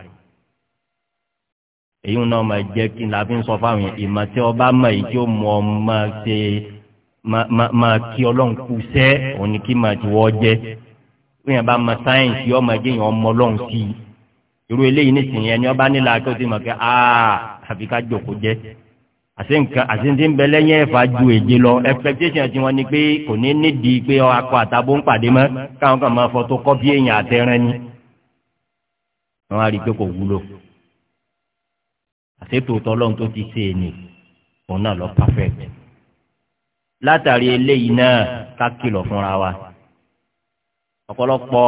èyí náà máa jẹ́ kí n la fi ń sọ fáwọn ìmọ̀ tí ọba mọ̀ èyí tí ó mọ ọmọ ṣe máa kí ọlọ́run kú sẹ́ òun ni kí máa ti wọ́ jẹ́. bí bá mọ sáyẹ̀nsì ọmọ ẹjẹ́ yẹn ọmọ ọlọ́run sí i. irú eléyìí nísìnyẹn ni ọba nílà tó ti mọ̀ kẹ́ àà àfi ká jòkó jẹ́ àti nǹkan àti ti ń bẹ lẹ́yìn ẹ̀fà ju èje lọ expectation ti wọn ni pé kò ní nídìí pé akọ àtàbó ń pàdé mọ́ káwọn kan máa fọtó kọ́bí èèyàn àtẹrẹ ni wọn á rí i pé kò wúlò àṣètò tọlọ́run tó ti ṣe ènì òun náà lọ perfect látàrí eléyìí náà ká kìlọ̀ fúnra wa ọ̀pọ̀lọpọ̀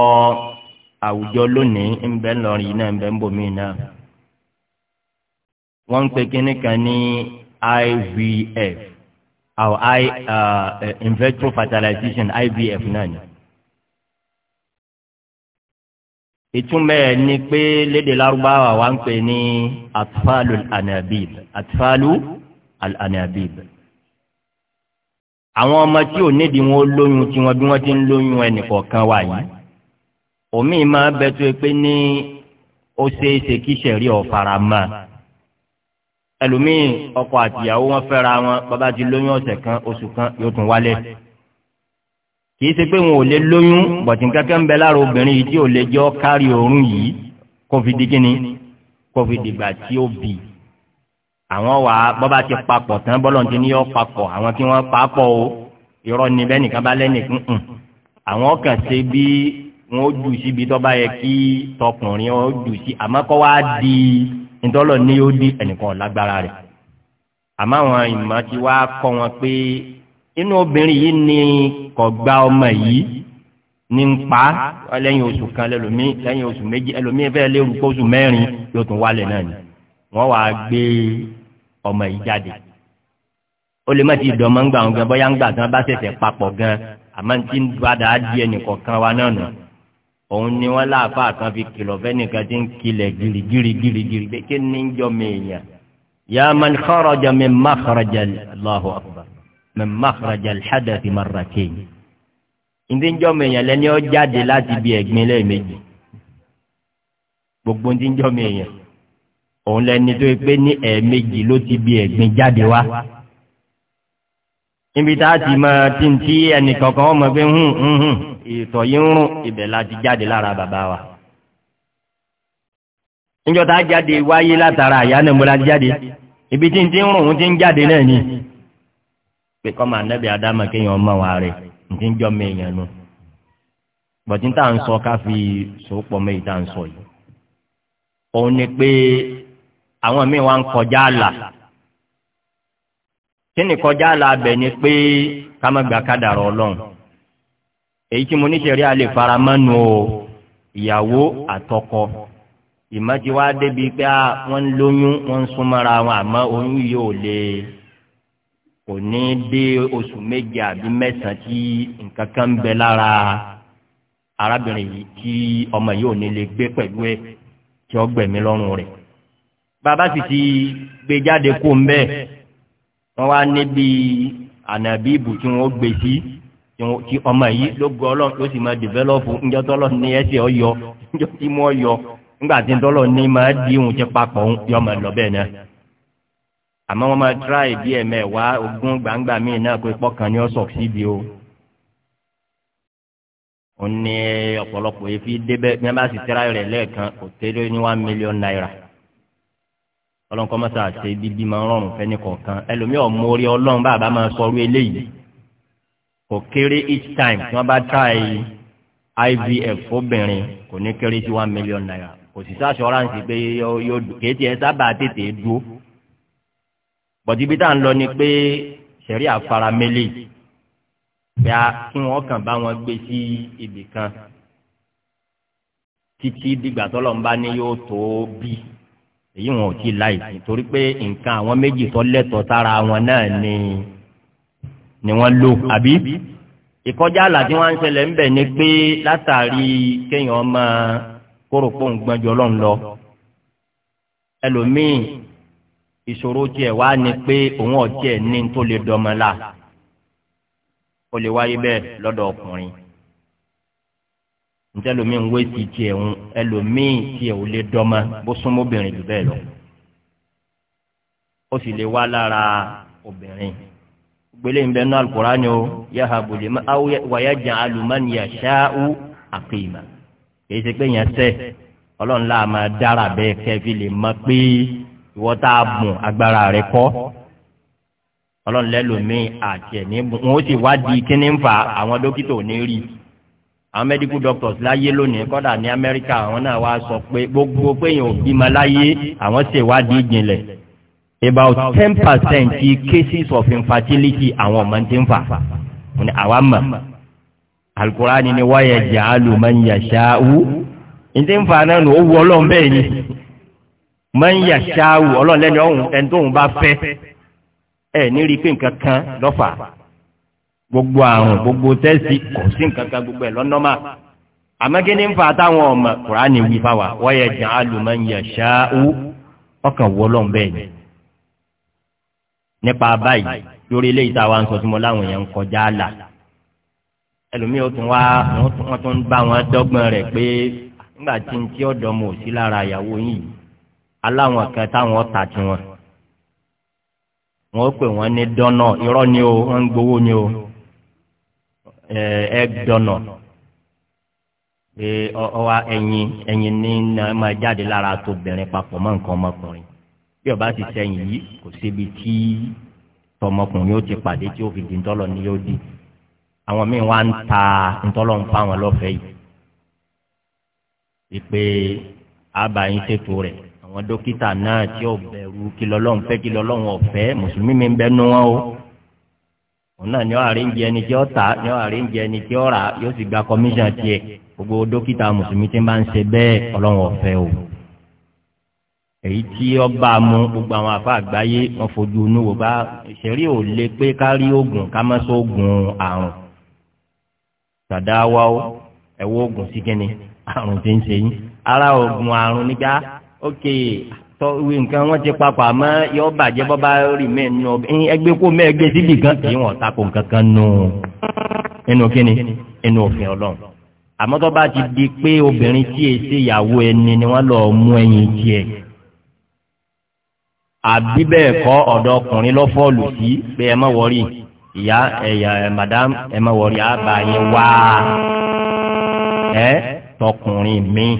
àwùjọ lónìí ń bẹ ńlọrin náà ń bẹ ń náà wọ́n ń pe kínní kan ní. IVF our I uh, uh in vitro fertilization IVF náà ni. ìtumọ̀ ẹ̀ ni pé léde lárúbáwá wa ń pè ní atfalu al-anabib atfalu al-anabib. àwọn ọmọ tí ò nídìí wọn lóyún tí wọn bí wọn ti ń lóyún ẹnìkọ̀ọ̀kan wà yìí. òmíì máa bẹ tó pé ní ó ṣeé kí sẹ̀rí ọ̀fara máa ẹlòmíì ọkọ àtìyàwó wọn fẹ́ra wọn bàbá ti lóyún ọ̀sẹ̀ kan oṣù kan yóò tún wálé kì í ṣe pé wọn ò lè lóyún bọ̀tí kankan ń bẹ lára obìnrin yìí tí ò lè jọ kárí òórùn yìí kó fi di kíni kó fi dìgbà tí ó bì àwọn wà bọ́ba ti papọ̀ tán bọ́lọ̀ ní yọ papọ̀ àwọn tí wọ́n papọ̀ o irọ́ ni bẹ́ẹ̀ nìkan bá lẹ́nìkan hàn àwọn kàn ṣe bí wọn ó jù síbi tó yẹ kí tọkùnrin ó jù sí àmọ́ kọ́ wá di ntọ́lọ̀ ní yóò di ẹnìkan lágbára rẹ̀ àmọ́ àwọn ìmọ̀ ti wá kọ́ wọn pé inú obìnrin yìí ni kò gba ọmọ yìí ní ń pa lẹ́yìn oṣù kan lẹ́lòmíì lẹ́yìn oṣù méjì ẹlòmíì fẹ́ẹ́ lérú pé oṣù mẹ́rin yóò tún wálẹ̀ náà ni wọ́n wàá gbé ọmọ yìí jáde ó lè má ti dọ̀ mọ́ ń gbà wọn gan bóyá ń gbà tí bá ṣẹ̀ṣẹ̀ papọ̀ gan àmọ́ ti ń dúadà á di ẹnìkọ̀ọ̀kan wa náà nù òun ni wọn láàfà kan fi kìlọ̀ fẹ́nìkan ti ń kilẹ̀ girigiri girigiri pé kí ni ń jọ mèèyàn ya man kharaja min makhraja allahu akbar min makhraja alhadathi marratayn ndí ń jọ mèèyàn lẹ́ni ó jáde láti bí ẹ̀gbin lẹ́ẹ̀mejì gbogbo ndí ń jọ mèèyàn òun lẹ́ni tó yẹ pé ní ẹ̀ẹ̀mejì ló ti bí ẹ̀gbin jáde wá níbi tá a ti mọ tìǹtì ẹnìkankan ọmọ pé hùn hùn ìtọ̀ yìí ń rún ibẹ̀ la ti jáde lára bàbá wa. níjọ́ tá a jáde wáyé látara àyà náà mo la ti jáde ibi tìǹtì ń rún òun ti ń jáde náà ni. pé kọ́mọ anábì adama kéèyàn ọmọ wa rẹ̀ ntí ń jọ mí èèyàn nù. bọ̀dí tá à ń sọ ká fi sòpọ̀ méjì tá à ń sọ yìí. òun ni pé àwọn míì wá ń kọjá àlà kí ni kọjá làbẹ̀ ni pé ká má gbà kádàrá ọlọ́run èyí tí mo ní sẹ̀rí alẹ́ faramọ́nu o ìyàwó àtọkọ ìmọ̀tí wá débi pé wọ́n ń lóyún wọ́n ń súnmọ́ra wọn àmọ́ oyún yìí ò lè kò ní dé oṣù méje àbí mẹ́sàn-án tí nǹkan kan ń bẹ lára arábìnrin yìí tí ọmọ yìí ò ní lè gbé pẹ̀lú ẹ̀ tí ó gbẹ̀mí lọ́rùn rẹ̀ bàbá sì ti gbé jáde kó ń bẹ́ẹ̀. wọ́n wá níbi ànàbíbù tí wọ́n gbé sí tí ọmọ yìí ló gbọ́ ọlọ́run tó sì máa dìvẹ́lọ́pù ńjọ́ tọ́lọ́ ní ẹsẹ̀ ọyọ ńjọ́ tí mo di òun ti papọ̀ òun yọ ọmọ lọ bẹ́ẹ̀ náà àmọ́ wọ́n máa tíráì wá ogún gbangba míì náà pé pọ́kàn ni ó sọ̀ síbi o ó ní ọ̀pọ̀lọpọ̀ yìí fi débẹ̀ ní wọ́n bá sì rẹ̀ lẹ́ẹ̀kan kò million naira. ọlọ́run kọ́ mọ́tà ṣe bíbí máa ń fẹ́ni kọ̀ọ̀kan ẹlòmíì ọ̀mọ́rí ọlọ́run bàbá máa sọrú eléyìí kò kéré each time tí wọ́n bá try ivf obìnrin kò ní kéré sí one million naira kò sì sá assurance pé yóò kéétì ẹ sábà tètè dúró bọ̀díbí tá à ń lọ ni pé sẹ̀rí àfaramẹ́lẹ̀ pé a kí wọ́n kàn bá wọn gbé sí ibì kan títí dìgbà tọ́lọ́mbá ni yóò tó bí èyí wọn ò tí ì láì sí torí pé nǹkan àwọn méjì tó lẹ́tọ̀ọ́ tára wọn náà ni ni wọ́n lò àbí ìkọjá àlà tí wọ́n ń ṣẹlẹ̀ ń bẹ̀ ni pé látàrí kéèyàn máa kóró pò ń gbọ́njọ ọlọ́run lọ ẹlòmíì ìṣòro tiẹ̀ wá ni pé òun ọ̀tiẹ̀ ní tó lè dọmọ ó lè wáyé bẹ́ẹ̀ lọ́dọ̀ ọkùnrin njẹ lomi ń wéṣi tiẹ̀ ń ẹlòmí tiẹ̀ ò lè dọ́mọ bó súnmọ́ obìnrin jù bẹ́ẹ̀ lọ ó sì lè wá lára obìnrin gbélé ń bẹ nú alukurani o yahabu lè má wàyà jẹ alùmánì yàṣáú àkèémà kì í ṣe pé yẹn sẹ ọlọ́run láà máa dára bẹ́ẹ̀ kẹ́fì lè mọ pé ìwọ tá a bùn agbára rẹ kọ́ ọlọ́run lẹ́lòmí àti ẹ̀ ní bùn ó sì wádìí kíní ń fa àwọn dókítà ò ní rí i àwọn medical doctors láyé lónìí kọ́dà ní amẹ́ríkà àwọn náà wá sọ pé gbogbo péyàn òbí ma láyé àwọn ṣèwádìí ìjìnlẹ̀ about ten percent cases of infertility àwọn ọmọ ti ń fà ní àwa mọ̀ alukurani ni wáyà jẹ́ alùmọ̀nyàṣáwù ní ti ń fà náà nù ó ọlọ́run bẹ́ẹ̀ ni mọ̀nyàṣáwù ọlọ́run lẹ́nu ẹni tóun bá fẹ́ ẹ̀ ní rí pé nǹkan kan lọ́fà. gbogbo àrùn gbogbo tẹ́sì kò sí nǹkan kan gbogbo ẹ̀ lọ́nọ́mà àmọ́ kí ni ń fa táwọn ọmọ kùránì wí fáwa wọ́yẹ̀ jà á lù máa ń yẹ bẹ́ẹ̀ ni nípa báyìí lórí ilé ń sọ mo láwọn èèyàn ń kọjá àlà ẹlòmíì ó tún wá tún bá wọn dọ́gbọ́n rẹ̀ pé nígbà tí wọn pè wọn ní ni o wọn ń gbowó ni o. Eh, egg donor pé ọwọ́ ẹyin ẹyin ní máa jáde lára tóbìnrin papọ̀ mọ́ nǹkan ọmọkùnrin bí ọba ti sẹ́yìn yìí kò síbi tí tọmọkùnrin ó ti pàdé tí ó fi di ntọ́lọ ní yóò di àwọn míì wá ń ta ntọ́lọ ń fa àwọn lọ́fẹ̀ẹ́ yìí ìpè àbáyín ṣètò rẹ̀ àwọn dókítà náà tí ó bẹ̀rù kí lọ́lọ́run fẹ́ kí lọ́lọ́run ọ̀fẹ́ mùsùlùmí mi ń bẹ́nu wọn o òun náà ni ó àríǹjì ẹni tí ó tà ni ó àríǹjì ẹni tí ó rà yóò sì gba commission tiẹ̀ gbogbo dókítà mùsùlùmí ti máa ń ṣe bẹ́ẹ̀ ọlọ́run ọ̀fẹ́ o èyí tí ọba mu gbogbo àwọn afa àgbáyé wọn fojú inú wò bá ìṣẹ̀rí ò lè pé ká rí oògùn ká má sóògùn àrùn tàdáwá o ẹ̀wọ́ oògùn sí kíni àrùn ti ń ṣe yín ara oògùn àrùn nígbà ókè tọ́ ìwé nǹkan wọ́n ti papọ̀ àmọ́ yọ bàjẹ́ bọ́ bá rí mẹ́nu ẹgbẹ́ kó mẹ́ẹ̀gbẹ́ síbì kan kì í wọ́n tako nǹkan kan nù nínú kíni nínú òfin ọlọ́run àmọ́ tó bá ti di pé obìnrin tí èsì ìyàwó ẹni ni wọ́n lọ mú ẹyin tiẹ̀ àbí bẹ́ẹ̀ kọ́ ọ̀dọ̀ ọkùnrin lọ́fọ́ọ̀lù sí pé ẹ má wọrí ìyá ẹ̀yà madam ẹ má wọrí àbá yẹn wá ẹ tọkùnrin míì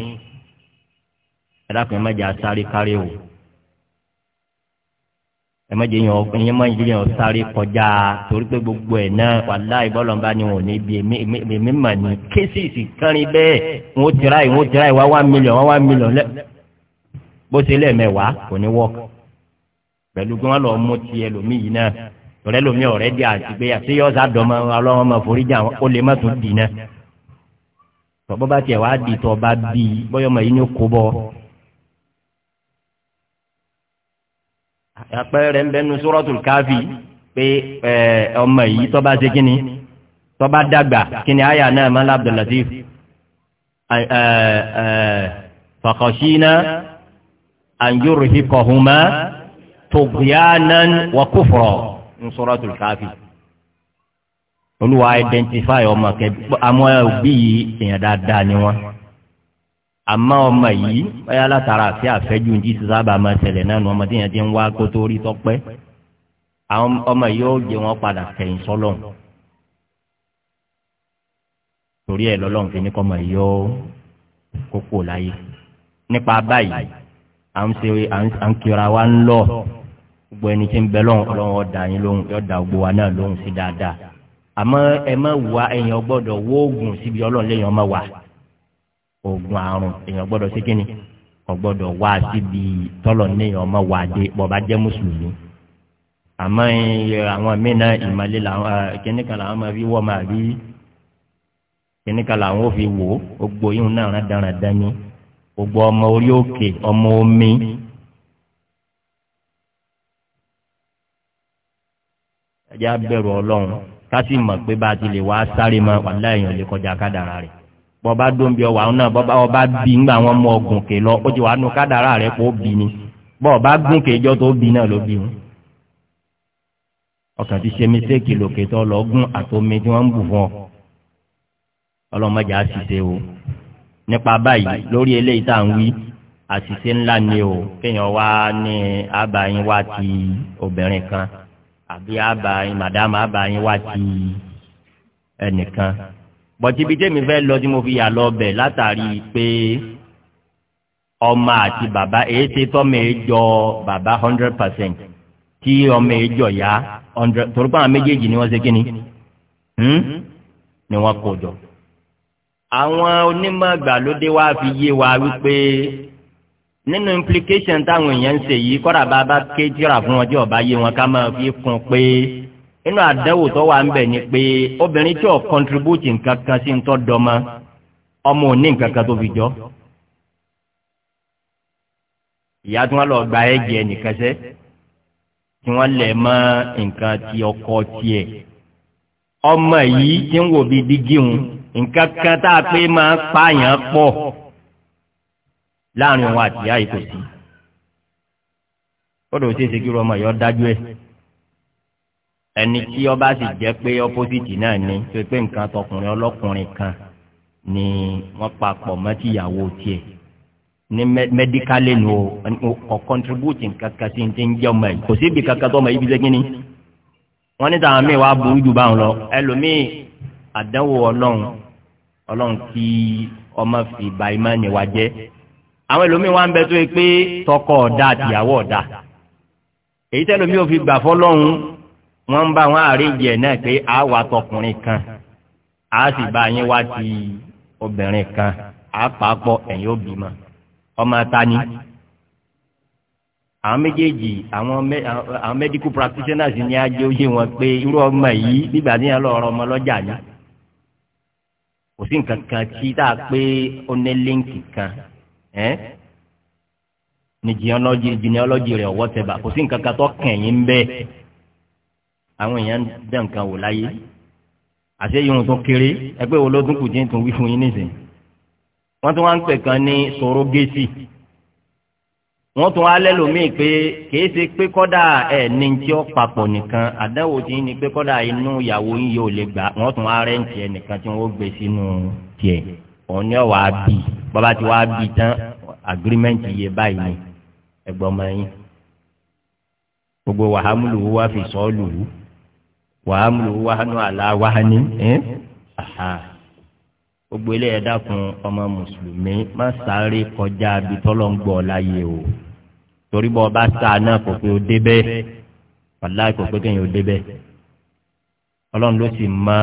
ẹlẹ́kùn ẹ̀ má jẹ́ asáré kárí o ẹ má jẹ́ yàn ẹ̀yẹ́ má jẹ́ kọjá torí pé gbogbo ẹ̀ náà wàlá ìbọ́lọ́mbá ni wọn ní bí èmi mà ní kéṣìṣì kárin bẹ́ẹ̀ wọn tira yìí wọn tira yìí wá one million wá one million lẹ́ bó ṣe lẹ́ẹ̀mẹ́wàá kò ní wọ́ọ̀kì pẹ̀lú kí lọ mú ti ẹlòmíì náà ọ̀rẹ́ lomi ọ̀rẹ́ di àtìgbéyà tí yọ́ọ́ sádọ́mọ ọlọ́wọ́n máa forí ó lè má tún dì náà tọ́ bọ́ bá tiẹ̀ wá dì tọ́ bá bí yìí ní kó bọ́ àpẹẹrẹ ń bẹnu suratul káfí pé ọmọ yìí tọ́ba ṣe kí ni tọ́ba dàgbà kí ni àyà náà mọ́lá abdullatif fàkọ̀ṣínà àyùrùhìkọ̀hùnmá tògbìyànán wàkúfọ̀rọ̀ ń suratul káfí olùwà identify ọmọ kẹ àwọn òbí yìí èèyàn dáadáa ni wọn àmọ́ ọmọ yìí báyà látara àti àfẹ́jú ní ti sábà máa ṣẹlẹ̀ náà nu ọmọdé yẹn ti ń wá kó tó rí tọ́pẹ́ àwọn ọmọ yìí ó jẹ wọn padà kẹyìn sọ́lọ́n torí ẹ̀ lọ́lọ́run fi ní kọ́ ọmọ yìí ó kókó láyé nípa báyìí à ń ṣe à ń kíra wa ń lọ gbogbo ẹni tí ń bẹ lọ́hùn ọlọ́run ọ̀dà yín lóhùn yọ̀dà gbogbo wa náà lóhùn sí dáadáa àmọ́ ẹ má wá ẹ̀yàn gbọ́dọ̀ wóògùn síbi ọlọ́run lẹ́yìn ọmọ wa oògùn àrùn èèyàn gbọ́dọ̀ ṣe kíni ọ̀gbọ́dọ̀ wá síbi tọ́lọ̀ níyàn ọmọ wà dé bọ́ba jẹ́ mùsùlùmí àmọ́ àwọn mìíràn ìmọ̀lẹ́ làwọn kìnnìkan làwọn máa fi wọ́ máa rí kìnnìkan làwọn ò fi wò ó gbó yín náà rán dáradára ní gbogbo ọmọ orí òkè ọmọ omi. ẹjẹ abẹ̀rù ọlọ́run ká sì mọ̀ pé bá a ti lè wá sáré máa wà láàyàn lè kọjá kádàrá rẹ̀ bọba dóńbi ọwọ àwọn náà bọba ọba bí ńgbà wọn mọ ọgùn kè lọ ó ti wàá nu kádàrá rẹ kó bí ni bọba gùn kèjọ tó bí náà ló bí wọn. ọkàn ti ṣe mistake lòkè tó lọ gún àtomi tí wọn ń bù fún ọ ọlọmọdé àṣìṣe o nípa báyìí lórí eléyìí tá à ń wí àṣìṣe ńlá ni o kéèyàn wá ní àbáyín wá ti obìnrin kan àbí àbáyín màdámà àbáyín wá ti ẹnìkan. Eh, bọ̀tibí tèmi fẹ́ lọ tí mo fi yà lọ bẹ̀ látàrí pé ọmọ àti bàbá èyí ti tọ́mọ ìjọ bàbá hundred percent tí ọmọ ìjọ yá hundred torípa àwọn méjèèjì ni wọ́n ṣe kíni hmm? ni wọ́n kó jọ. àwọn onímọ̀ gbàlódé wa fi yé wa wípé nínú implication táwọn èèyàn ń ṣe yìí kọ́ra bá bá ké jíra fún wọn tí ọba yé wọn ká máa fi kún pé inú àdánwò tó wà ń bẹ̀ ni pé obìnrin tí ò contribute nǹkan kan sí ń tọ́ dọ́mọ ọmọ ò ní nǹkan kan tó fi jọ ìyá tí wọ́n lọ gba ẹ̀jẹ̀ nìkan sẹ́ tí wọ́n lẹ̀ mọ́ nǹkan ti ọkọ tiẹ̀ ọmọ yìí tí ń wò bí dígíhun nǹkan kan tá a pé máa ń pààyàn pọ̀ láàrin òun àti ìyá yìí kò sí ó dòwò sí ìṣègùrọ̀ ọmọ yìí dájú ẹ̀ ẹni tí ọba sì jẹ́ pé ọpọ́sìtì náà ni tó pé nǹkan tọkùnrin ọlọ́kùnrin kan ni wọ́n papọ̀ mọ́tì ìyàwó tiẹ̀ ní mẹ́díkálì ni o ọ̀ kọ́ntribútì kankan sí ti ń jẹ́ ọmọ yìí kò síbi kankan tó ọmọ yìí fi ṣe kínní wọ́n ní tàwọn míì wá burú jù báwọn lọ ẹlòmíì àdánwò ọlọ́run ọlọ́run kí ọmọ fi ba ìmánì wa jẹ́ àwọn ẹlòmíì wá ń bẹ tó yẹ pé tọkọ ọ̀dà àtìyàwó ọ̀dà èyí tẹ́lòmíì ò fi gbà fọ́lọ́run wọ́n ń bá wọn àríjẹ náà pé a wà tọkùnrin kan a sì bá yín wá ti obìnrin kan a pàápọ̀ ẹ̀yìn ọmọ tani àwọn méjèèjì àwọn medical practitioners ni a jẹ́ òye wọn pé irú ọmọ yìí nígbà tí yẹn lọ ọ̀rọ̀ ọmọ lọ́jà ni kò sí nǹkan kan genealogy rẹ̀ tẹ̀ bá kò sí àwọn èèyàn dẹ̀ nǹkan wò láyé àti èyí wọn tó kéré ẹgbẹ́ wo ló tún kù dín tún wí fún yín nísìnyí wọ́n tún wá ń pè kan ní sorogesi wọ́n tún wá lẹ́lòmíì pé kìí ṣe pé kọ́dà ẹ̀ ní tí ó papọ̀ nìkan àdáwò tí ní pé kọ́dà inú ìyàwó yín yóò lè gbà wọ́n tún wá rẹ́ǹtì ẹ̀ nìkan tí wọ́n gbé sínú tiẹ̀ òun ni ọ̀wá bì bàbá tí wàá bì tán agirímẹ́ǹtì yẹ báyìí ni ẹ̀gbọ́n mọ́ yín gbogbo wàhámùlù wá fi sọ́ọ́ lù wàhámù wàhánù àlá wàhání gbogbo ilé yẹn dákun ọmọ mùsùlùmí má sáré kọjá bí tọ́lọ́ ń gbọ́ láyé o torí bọ́ ọba sáà náà kò pé o débẹ̀ wàláì kò pé kéèyàn o débẹ̀ ọlọ́run ló sì mọ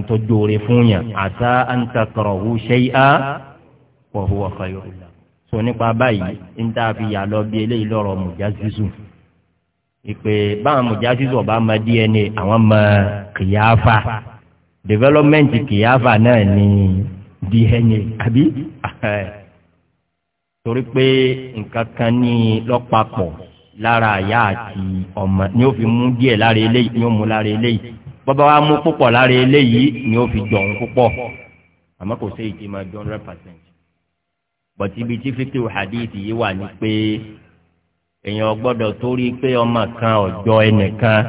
ntọ́jú oore fún yàn àtà àǹtakọ̀rọ̀wù ṣẹ́yà wọ̀húwọ̀fà yorùbá so nípa báyìí ń fi yà lọ bí eléyìí lọ́rọ̀ mùjá zizù. ìpè báwọn mùjásísù ọba mọ dna àwọn mọ development náà ni dna àbí (laughs) torí pé nǹkan kan ní lọ́pàpọ̀ lára àyà àti ọmọ ni ó fi mú díẹ̀ lára eléyìí ni ó mú lára eléyìí bọ́bá wa mú púpọ̀ lára eléyìí ni ó fi jọ̀hún púpọ̀ àmọ́ kò sí ìdí máa jọ hundred percent ibi tí fíkì hadith yìí wà ní pé. èèyàn gbọ́dọ̀ torí pé ọmọ kan ọjọ́ ẹnìkan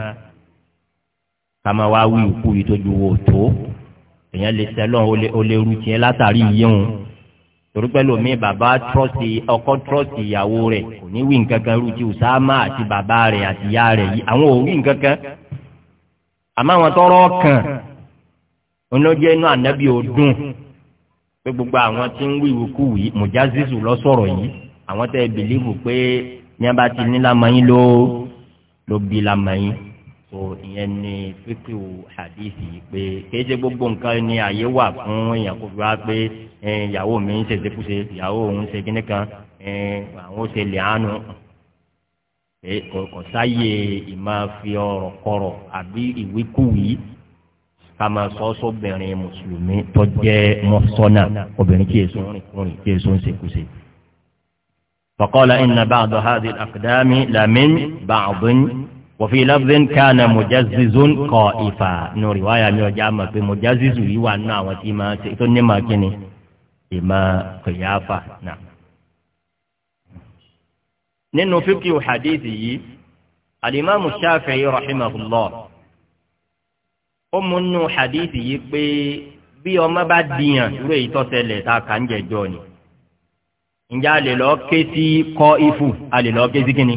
kàmá wá wí ìkú yìí tó ju wò tó èèyàn lè sẹlọ ó lè ru tiẹ̀ látàrí yíyún torí pẹ́lú mi bàbá trọ́sì ọkọ trọ́sì ìyàwó rẹ̀ kò ní wí nǹkan kan rúti usama àti bàbá rẹ̀ àti ìyá rẹ̀ yìí àwọn ò wí nǹkan kan àwọn tọrọ kàn onídjẹ́ inú ànábì ọdún pé gbogbo àwọn tí ń wí ìwúkú yìí mùjá zizu lọ sọ̀rọ̀ yìí àwọn tẹ́ bìlíìfù pé ní abá ti ní lamọ̀yìn ló ló bí lamọ̀yìn so ìyẹn ni fífi hadithi pé kéde gbogbo nǹkan ni àyè wà fún èèyàn kó fi wá pé ìyàwó mi ń ṣèṣe kúṣe ìyàwó òun ṣe kíní kan àwọn ó ṣe lè àánú kò sáyè ìmọ̀ fi ọ̀rọ̀ kọ̀rọ̀ àbí ìwíkúwìí kama sọsọ bẹ̀rẹ̀ mùsùlùmí tó jẹ́ mọ́sọ́nà obìnrin kí èso ń rìn kúrin kí èso ń ṣekúṣe. فقال إن بعض هذه الأقدام لمن بعض وفي لفظ كان مجزز قائفا نو رواية من جامع بمجزز يوانا وتما تئتن ما كني إما قيافة نعم ننو فقه حديثي الإمام الشافعي رحمه الله ọmọ nù hadithi yìí pé bí ọmọ bá dìyàn lóye ǹjẹ́ a lè lọ ké sí kọ́ ifù a lè lọ ké sí kíni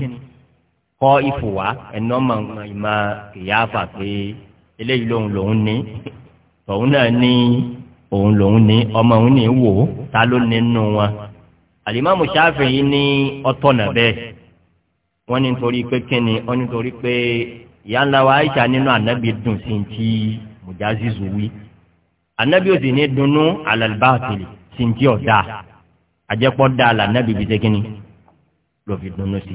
kọ́ ifù wa ẹ̀nà ọmọ ìmọ̀ kìyà fà pé eléyìí lòun lòun ní òun náà ní òun lòun ní ọmọ òun ní wò ta ló nínú wọn àlìmáàmù Ṣáfi'í ní ọ̀tọ̀nà bẹ́ẹ̀ wọ́n ní nítorí pé kíni wọ́n ní nítorí pé ìyá Aisha nínú ànábì dùn sí ti Mujazizu wí ànábì ò sì ní dunnú alal sí ti ọ̀dà àjẹpọ̀ dáa là nàbí bi ṣe kínní ló fi dunu sí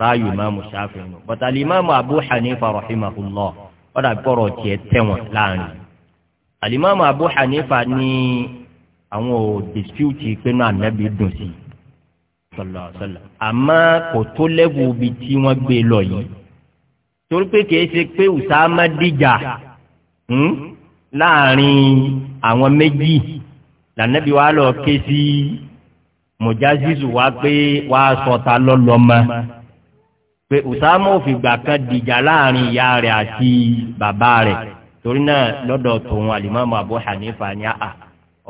ráàyò ìmáàmù Ṣáfi'í nù bàtàlì ìmáàmù Abu Hanifa rahimahullah ọ̀dà kọ̀rọ̀ tiẹ̀ tẹ̀wọ̀n láàrin alimami Abu Hanifa ní àwọn ò dispute pé náà nàbí dùn sí sallallahu alaihi wasallam àmọ́ kò tó lẹ́bù bi tí wọ́n gbé lọ yìí torí pé kìí ṣe pé Usama dìjà hmm, láàrin àwọn méjì lànàbí wa lọ ké sí mọ̀jáṣíṣù wá pé wá sọta lọ́lọ́mọ pé Usama òfìgbà kan dìjà láàrin ìyá rẹ̀ àti bàbá rẹ̀ torí náà lọ́dọ̀ tòun alimami Abu Hanifa ni a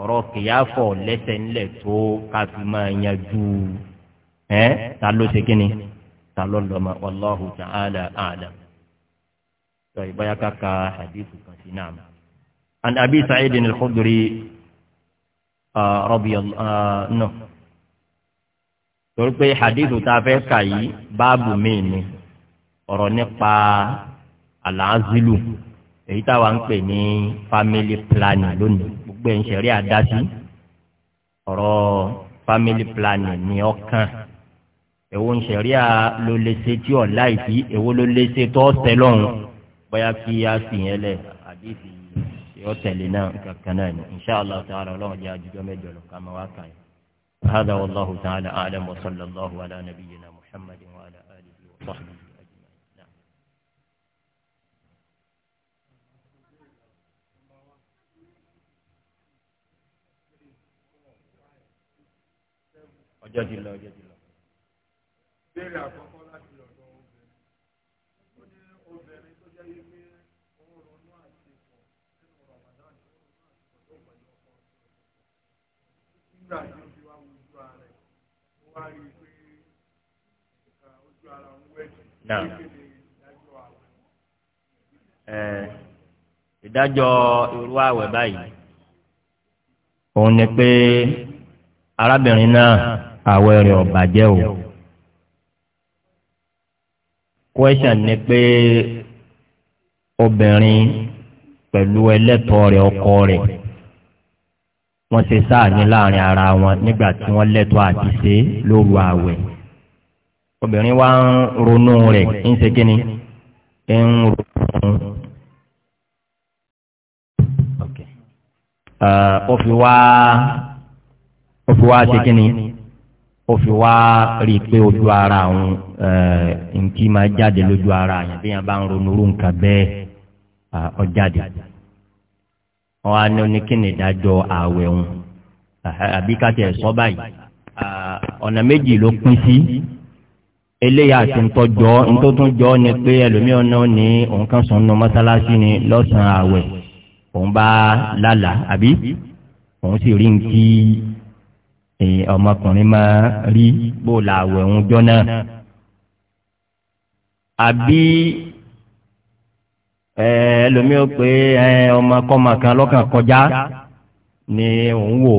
ọ̀rọ̀ kìyàfọ̀ lẹ́sẹ̀ ńlẹ̀ tó káfí máa yanjú ẹ́ ta ló ṣe kí ni ta ló lọ́mọ wallahu ta'ala a'lam. sọ ìbáyà kàkà hadith kan sí náà. an Abi Sa'id al-Khudri ah, rọ́bì ọ̀nà. Ah, torí pé hadith tá a fẹ́ kà yìí báàbù míì ni ọ̀rọ̀ nípa àlàázìlù èyí táwa ń pè ní family planning lónìí gbogbo ẹ̀ ń ṣẹ̀rí àdásí ọ̀rọ̀ family planning ni ọ̀kan èwo ń ṣẹ̀rí à ló léṣe tí ọ̀ láìsí èwo ló léṣe tó ọ̀sẹ̀ lọ́hùn bóyá kí a sì yẹn lẹ̀ àdéhìí yóò tẹ̀lé náà kankan náà ni inṣàlá ọ̀tá ara ọlọ́run jẹ́ àjùjọ mẹ́jọ lọ máa wá kàn yín. هذا والله تعالى أعلم وصلى الله على نبينا محمد وعلى آله وصحبه أجمعين نعم. náà ìdájọ́ irú àwẹ̀ báyìí òun ni pé arábìnrin náà àwẹ̀ rẹ̀ ò bàjẹ́ o question ni pé obìnrin pẹ̀lú ẹlẹ́tọ̀ọ́ rẹ̀ ọkọ rẹ̀ wọ́n ṣe sáàní láàrin ara wọn nígbà tí wọ́n lẹ́tọ́ àti ṣe lóru àwẹ̀ obìnrin wa ń ronú rẹ̀ ń ṣe kíni ń ronú. ó fi wá ó fi wá ṣe kíni ó fi wá rí i pé ojú ara àwọn nǹkí máa jáde lójú ara àyàn bí wọn bá ń ronú irú nǹkan bẹ́ẹ̀ ọjáde. Uh, wọn á ní oníkíni ìdájọ́ ààwẹ̀ òun àbí káti ẹ̀ sọ báyìí ọ̀nà méjì ló pín sí eléyà àti ntọ́jọ́ ntótúnjọ́ ni pé ẹlòmíràn náà ní òun kan sùn nù mọ́sálásí ni lọ́sàn-án ààwẹ̀ òun bá lálàá àbí òun sì rí nkí ọmọkùnrin máa rí bó làwẹ̀ òun jọ náà àbí ẹlòmí ó pé ọmọ kọ́mọ kan lọ́kàn kọjá ni òun wò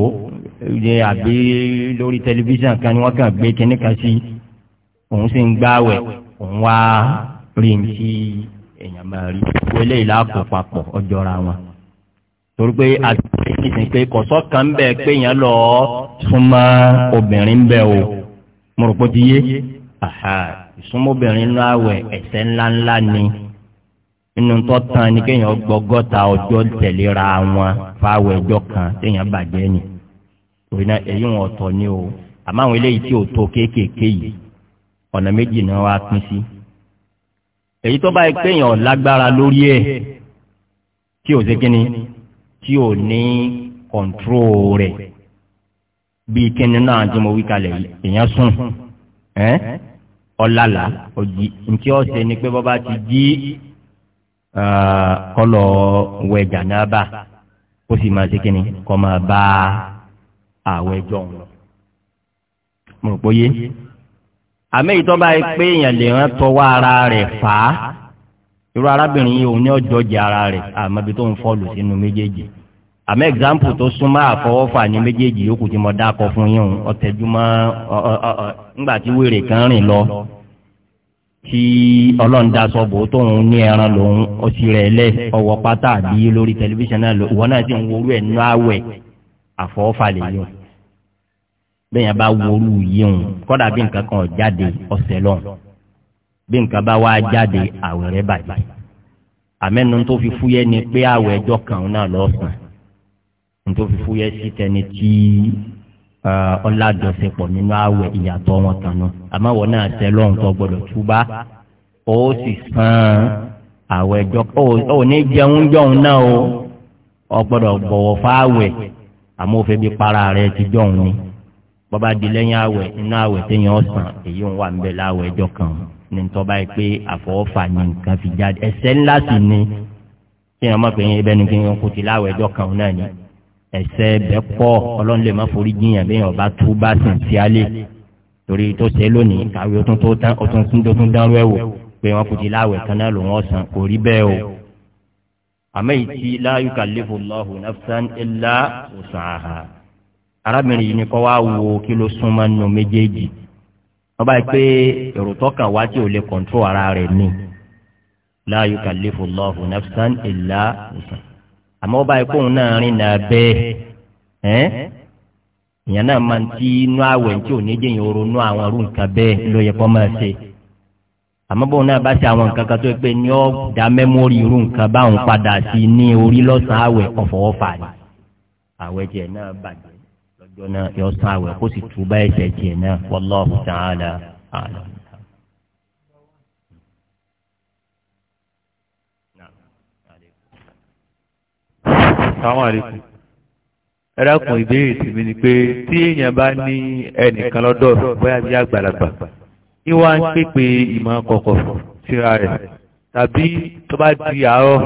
ní àbí lórí tẹlifíṣàn kan ni wọ́n kàn gbé kinní kan sí òun sì ń gbáwẹ̀ òun wá rí ní tí èèyàn máa rí wọlé ìlàkó papọ̀ ọjọ́ra wọn torí pé àti ìsìn pé kọ̀sọ́ kan bẹ̀ pé èèyàn lọ súnmọ́ obìnrin bẹ́ẹ̀ o mo rò pé ó ti yé ìsúnmọ́ obìnrin ńlá wẹ̀ ẹ̀sẹ̀ ńláńlá ni. inú tó tán ni kéèyàn gbọgọta ọjọ tẹlera wọn fáwọn ẹjọ kan téèyàn bàjẹ́ ni torí náà èyí wọn ni o àmọ́ àwọn eléyìí tí ò tó kéékèèké yìí ọ̀nà méjì ni Eyi pín sí. èyí tó bá yẹ kéèyàn lágbára lórí tí ni tí ò ní kọ̀ǹtró rẹ̀ bíi náà tí mo wí kalẹ̀ èèyàn sùn ọ̀làlà ntí ọ̀sẹ̀ ni pé bọ́ ti jí. kọlọ wẹ jàndábà ó sì máa ṣe kíni kọ máa bá àwẹ̀ jọ ń lọ. mo rò yé àmì ìtọ́ba yìí pé èèyàn lè rán ara rẹ̀ fà á irú arábìnrin yìí òun ní ọjọ́ jẹ ara rẹ̀ àmọ́bi tó ń fọ́ọ̀lù sínú méjèèjì àmọ́ ẹ̀gzámpù tó súnmọ́ àfọwọ́fà ní méjèèjì yòókù tí mo fún yín kan lọ. tí ọlọ́ọ̀dà sọ́bù tóun ní ẹran lòun ó sì rẹ̀ lẹ̀ ọwọ́ pátá àbí lórí tẹlifíṣàn náà ìwọ náà sì ń worú ẹ̀ nú àwẹ̀ àfọ́fàlẹ̀ yìí bẹ́ẹ̀ yẹn bá worú yìí hùn kọ́dà bí nǹkan kan jáde ọ̀sẹ̀ lọ́n bí nǹkan bá wá jáde àwẹ̀ rẹ̀ bàjẹ́ àmẹ́nu tó fi fúyẹ́ ni pé àwẹ̀ ẹjọ́ kan náà lọ́sàn-án tó fi fúyẹ́ sí tẹni tí ọ̀làjọsẹ̀pọ̀ nínú àwẹ̀ ìyàtọ̀ wọn kan náà àmọ́ wọn náà tẹ lọ́run tó gbọdọ̀ túbá ó sì san àwẹ̀ ẹjọ́ ó ní jẹun jọ̀hún náà o ọgbọdọ̀ bọ̀wọ̀ fáwẹ̀ àmọ́ òfin bí para rẹ̀ ti jọ̀hún ni bọ́ba di lẹ́yìn àwẹ̀ inú àwẹ̀ téèyàn ọ̀sán èyí ń wà ń bẹ̀ láwẹ̀ ẹjọ́ kan ní tọ́ba yìí pé àfọwọ́fà ni nǹkan fi jáde ẹsẹ̀ ńlá sì ni kí wọ́n mọ̀ pé ibẹ̀ ni kí wọ́n kú ti láwẹ̀ ẹjọ́ kan náà ni ẹ̀ṣẹ̀ bẹ pọ̀ ọlọ́run lè má forí jiyàn bẹ́ẹ̀ ọba tó bá sìn sí alẹ́ torí tó ṣe lónìí kàwé ó tún tó tán ó tún tó tún dánrú ẹ̀ wò pé wọn kò ti láwẹ̀ kan náà lòun ọ̀sán kò rí bẹ́ẹ̀ o. àmọ́ èyí tí la yukallifu Allahu nafsan illa wus'aha arábìnrin yìí ni kọ́ wá wo kí ló súnmọ́ nínú méjèèjì wọ́n báyìí pé èrò tọ́kàn wá tí ò lè kọ̀ǹtró ara rẹ̀ ni la yukallifu Allahu nafsan illa wus'aha àmọ́ báyìí kóun náà rìn náà bẹ́ẹ̀ ẹ́ ìyẹn náà máa ń ti inú àwẹ̀ tí ò ní jẹ́ ìyẹn oronú àwọn irú nǹkan bẹ́ẹ̀ ló yẹ kó máa ṣe àmọ́ bóun náà bá ṣe àwọn nǹkan kan tó yẹ pé ní ọ́ dá mẹ́mórì irú nǹkan báwọn padà sí ní orí lọ́sàn àwẹ̀ ọ̀fọ̀wọ́fà ni àwẹ̀ tiẹ̀ náà bàjẹ́ lọ́jọ́ náà yọ sàn àwẹ̀ kó sì túbọ̀ ẹ̀ṣẹ̀ tiẹ̀ náà wallahu ta'ala a'lam. Assalamu alaikum. ẹ̀rọ̀kùn ìbéèrè tèmi ni pé tí èèyàn bá ní ẹnìkan lọ́dọ̀ bóyá bí àgbàlagbà ní wá ń pèpè ìmọ̀ kọ̀kọ̀ síra rẹ̀ tàbí tó bá di àárọ̀